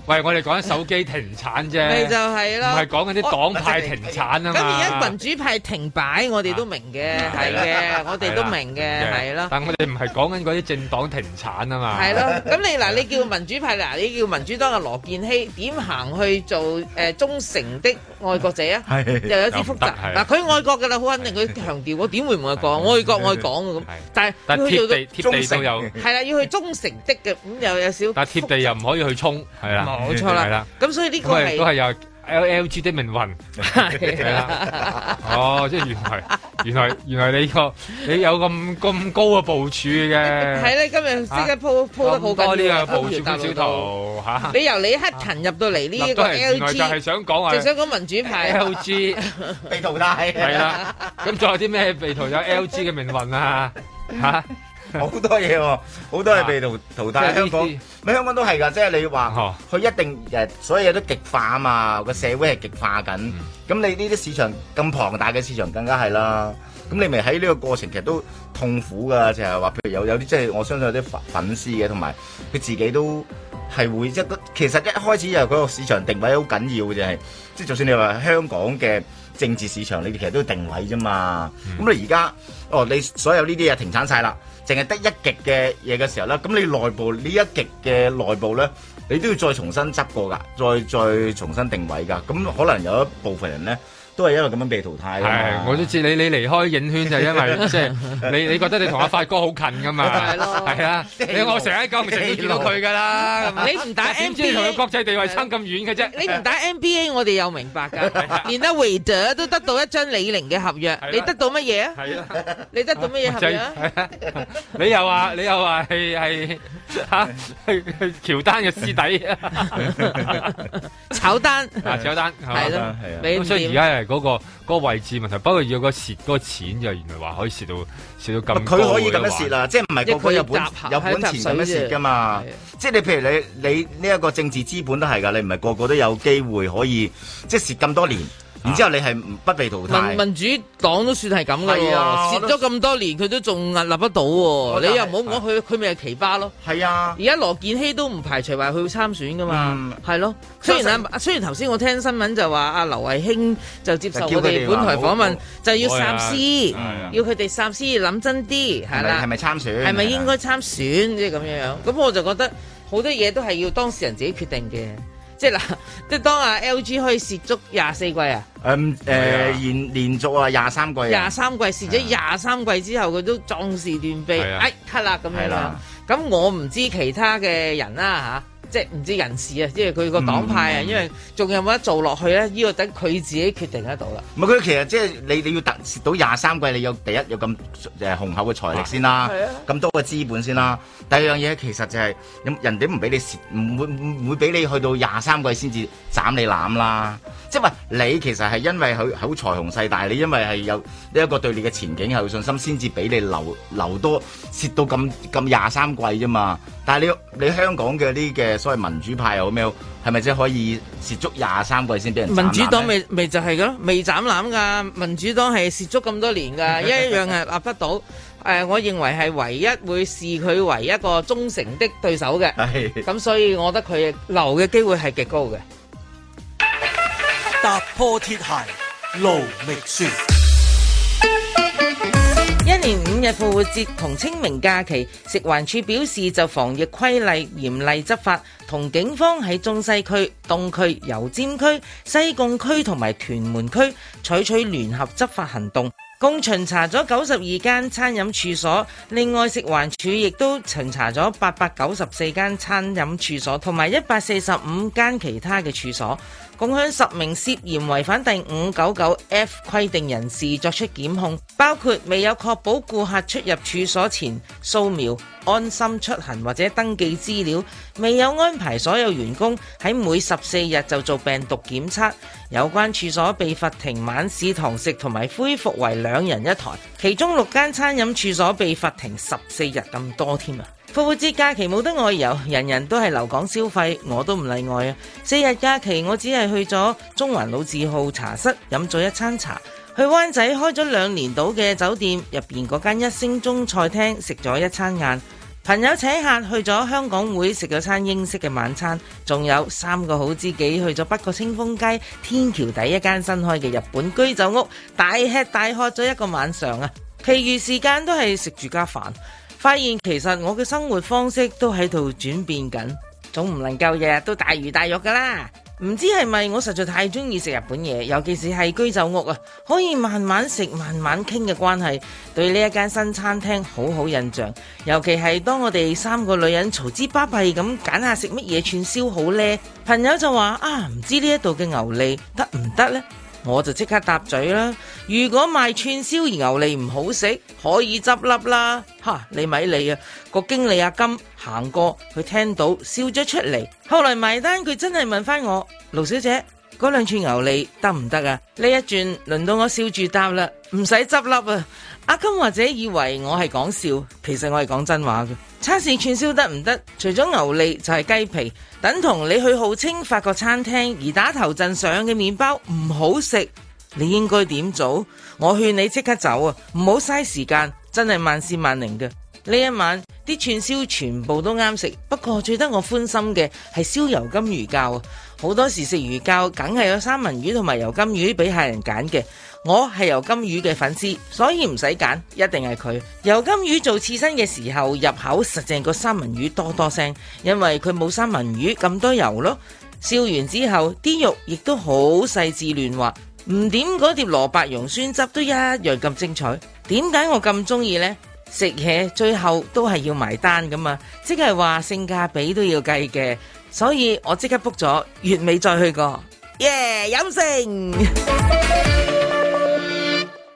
喂，我哋講緊手機停產啫。咪就係咯，唔係講緊啲黨派停產啊嘛。咁而家民主派停擺，我哋都明嘅，係嘅，我哋都明嘅，係咯。但係我哋唔係講緊嗰啲政黨停產啊嘛。係咯，咁你嗱，你叫民主派嗱，你叫民主黨嘅羅健熙點行去做誒忠誠的？愛國者啊，又有啲複雜嗱，佢愛國嘅啦，好肯定佢強調，我點會唔愛國？愛國愛港嘅咁，但係佢要貼地都有嘅係啦，要去忠誠的嘅，咁又有少。但係貼地又唔可以去衝，係啊，冇錯啦，咁所以呢個係都 L LG 的命運係啦，哦，即係原來原來原來你個你有咁咁高嘅部署嘅，係啦，今日即係鋪鋪得好緊，咁多呢個部署小圖嚇。你由李克勤入到嚟呢一個 LG，就係想講啊，就想講民主派 LG 被淘汰。係啦，咁仲有啲咩被淘有 LG 嘅命運啊？嚇！好 多嘢喎，哦，好多嘢被淘，淘汰。 香港， 香港都係㗎，即係你話，佢 一定誒，所有嘢都極化啊嘛，個社會係極化緊。咁 你呢啲市場咁龐大嘅市場，市場更加係啦。咁 你咪喺呢個過程其實都痛苦㗎，就係話譬如有有啲即係我相信有啲粉絲絲嘅，同埋佢自己都係會即其實一開始又嗰個市場定位好緊要嘅，就係即係就算你話香港嘅政治市場，你其實都定位啫嘛。咁 你而家哦，你所有呢啲嘢停產晒啦。淨係得一極嘅嘢嘅時候呢，咁你內部呢一極嘅內部呢，你都要再重新執過㗎，再再重新定位㗎。咁可能有一部分人呢。都係一路咁樣被淘汰。係，我都知你你離開影圈就係因為即係你你覺得你同阿發哥好近噶嘛？係咯，係啊，你我成日喺九龍城都見到佢噶啦。你唔打 MJ，同佢國際地位差咁遠嘅啫？你唔打 NBA，我哋又明白噶。連阿維德都得到一張李寧嘅合約，你得到乜嘢啊？係咯。你得到乜嘢合約？係啊。你又話你又話係係嚇係喬丹嘅師弟啊？喬丹。啊喬丹。係咯，係啊。所以而家係。嗰個嗰個位置問題，不過如果蝕嗰個錢就原來話可以蝕到蝕到咁，佢可以咁樣蝕啦，即係唔係個個有本有本錢咁樣蝕噶嘛？即係你譬如你你呢一個政治資本都係㗎，你唔係個個都有機會可以即係蝕咁多年。然之後你係不被淘汰、啊民，民主黨都算係咁嘅，係啊，蝕咗咁多年佢都仲屹立不倒喎、就是。你又唔好講佢，佢咪係奇葩咯？係啊。而家羅健熙都唔排除話佢會參選噶嘛，係、嗯、咯。雖然阿、啊嗯、雖然頭、啊、先我聽新聞就話阿、啊、劉慧卿就接受我哋本台訪問，就要三思，要佢哋三思諗真啲，係啦、啊。係咪參選？係咪應該參選？即係咁樣樣。咁、啊、我就覺得好多嘢都係要當事人自己決定嘅。即係嗱，即係當啊 LG 可以涉足廿四季啊，嗯誒、呃啊，連連續23啊廿三季，廿三季涉咗廿三季之後，佢、啊、都壯士斷臂，啊、哎咳 u t 啦咁樣樣，咁、啊、我唔知其他嘅人啦吓。即係唔知人事啊、嗯，因為佢、個黨派啊，因為仲有冇得做落去咧？呢個等佢自己決定得到啦。唔係，佢其實即、就、係、是、你你要蝕到廿三季，你有第一有咁誒雄厚嘅財力先啦，咁、啊、多嘅資本先啦。嗯、第二樣嘢其實就係、是、人哋唔俾你蝕，唔會唔會俾你去到廿三季先至斬你攬啦。即、就、係、是、你其實係因為佢好財雄勢大，你因為係有呢一個對你嘅前景有信心，先至俾你留留多蝕到咁咁廿三季啫嘛。但係你你香港嘅呢嘅。所謂民主派又好咩？係咪即係可以蝕足廿三季先俾人？民主黨未未就係噶咯，未斬纜噶。民主黨係蝕足咁多年噶， 一樣係壓不到、呃。我認為係唯一會視佢為一個忠誠的對手嘅。咁 所以我覺得佢留嘅機會係極高嘅。踏破鐵鞋無覓處。一年五日復活節同清明假期，食環署表示就防疫規例嚴厲執法，同警方喺中西區、東區、油尖區、西貢區同埋屯門區採取聯合執法行動，共巡查咗九十二間餐飲處所。另外，食環署亦都巡查咗八百九十四間餐飲處所同埋一百四十五間其他嘅處所。共向十名涉嫌違反第五九九 F 規定人士作出檢控，包括未有確保顧客出入處所前掃描安心出行或者登記資料，未有安排所有員工喺每十四日就做病毒檢測，有關處所被罰停晚市堂食同埋恢復為兩人一台，其中六間餐飲處所被罰停十四日咁多添啊！復活節假期冇得外遊，人人都係留港消費，我都唔例外啊！四日假期，我只係去咗中環老字號茶室飲咗一餐茶，去灣仔開咗兩年度嘅酒店入邊嗰間一星中菜廳食咗一餐晏。朋友請客去咗香港會食咗餐英式嘅晚餐，仲有三個好知己去咗北角清風街天橋底一間新開嘅日本居酒屋，大吃大喝咗一個晚上啊！其餘時間都係食住家飯。發現其實我嘅生活方式都喺度轉變緊，總唔能夠日日都大魚大肉噶啦。唔知係咪我實在太中意食日本嘢，尤其是係居酒屋啊，可以慢慢食、慢慢傾嘅關係，對呢一間新餐廳好好印象。尤其係當我哋三個女人嘈之巴閉咁揀下食乜嘢串燒好呢？朋友就話啊，唔知呢一度嘅牛脷，得唔得呢？行行」我就即刻答嘴啦！如果賣串燒而牛脷唔好食，可以執笠啦！哈，你咪理啊！個經理阿金行過，佢聽到笑咗出嚟。後來埋單佢真係問翻我，盧小姐。嗰兩串牛脷得唔得啊？呢一轉輪到我笑住答啦，唔使執笠啊！阿金或者以為我係講笑，其實我係講真話嘅。測試串燒得唔得？除咗牛脷就係雞皮，等同你去號稱法國餐廳而打頭陣上嘅麵包唔好食，你應該點做？我勸你即刻走啊，唔好嘥時間，真係萬事萬靈嘅。呢一晚啲串燒全部都啱食，不過最得我歡心嘅係燒油甘魚餃啊。好多時食魚膠，梗係有三文魚同埋油甘魚俾客人揀嘅。我係油甘魚嘅粉絲，所以唔使揀，一定係佢。油甘魚做刺身嘅時候，入口實淨過三文魚多多聲，因為佢冇三文魚咁多油咯。燒完之後，啲肉亦都好細致嫩滑，唔點嗰碟蘿蔔蓉酸汁都一樣咁精彩。點解我咁中意呢？食嘢最後都係要埋單㗎嘛，即係話性價比都要計嘅。所以我即刻 book 咗，月尾再去過，耶、yeah，飲勝。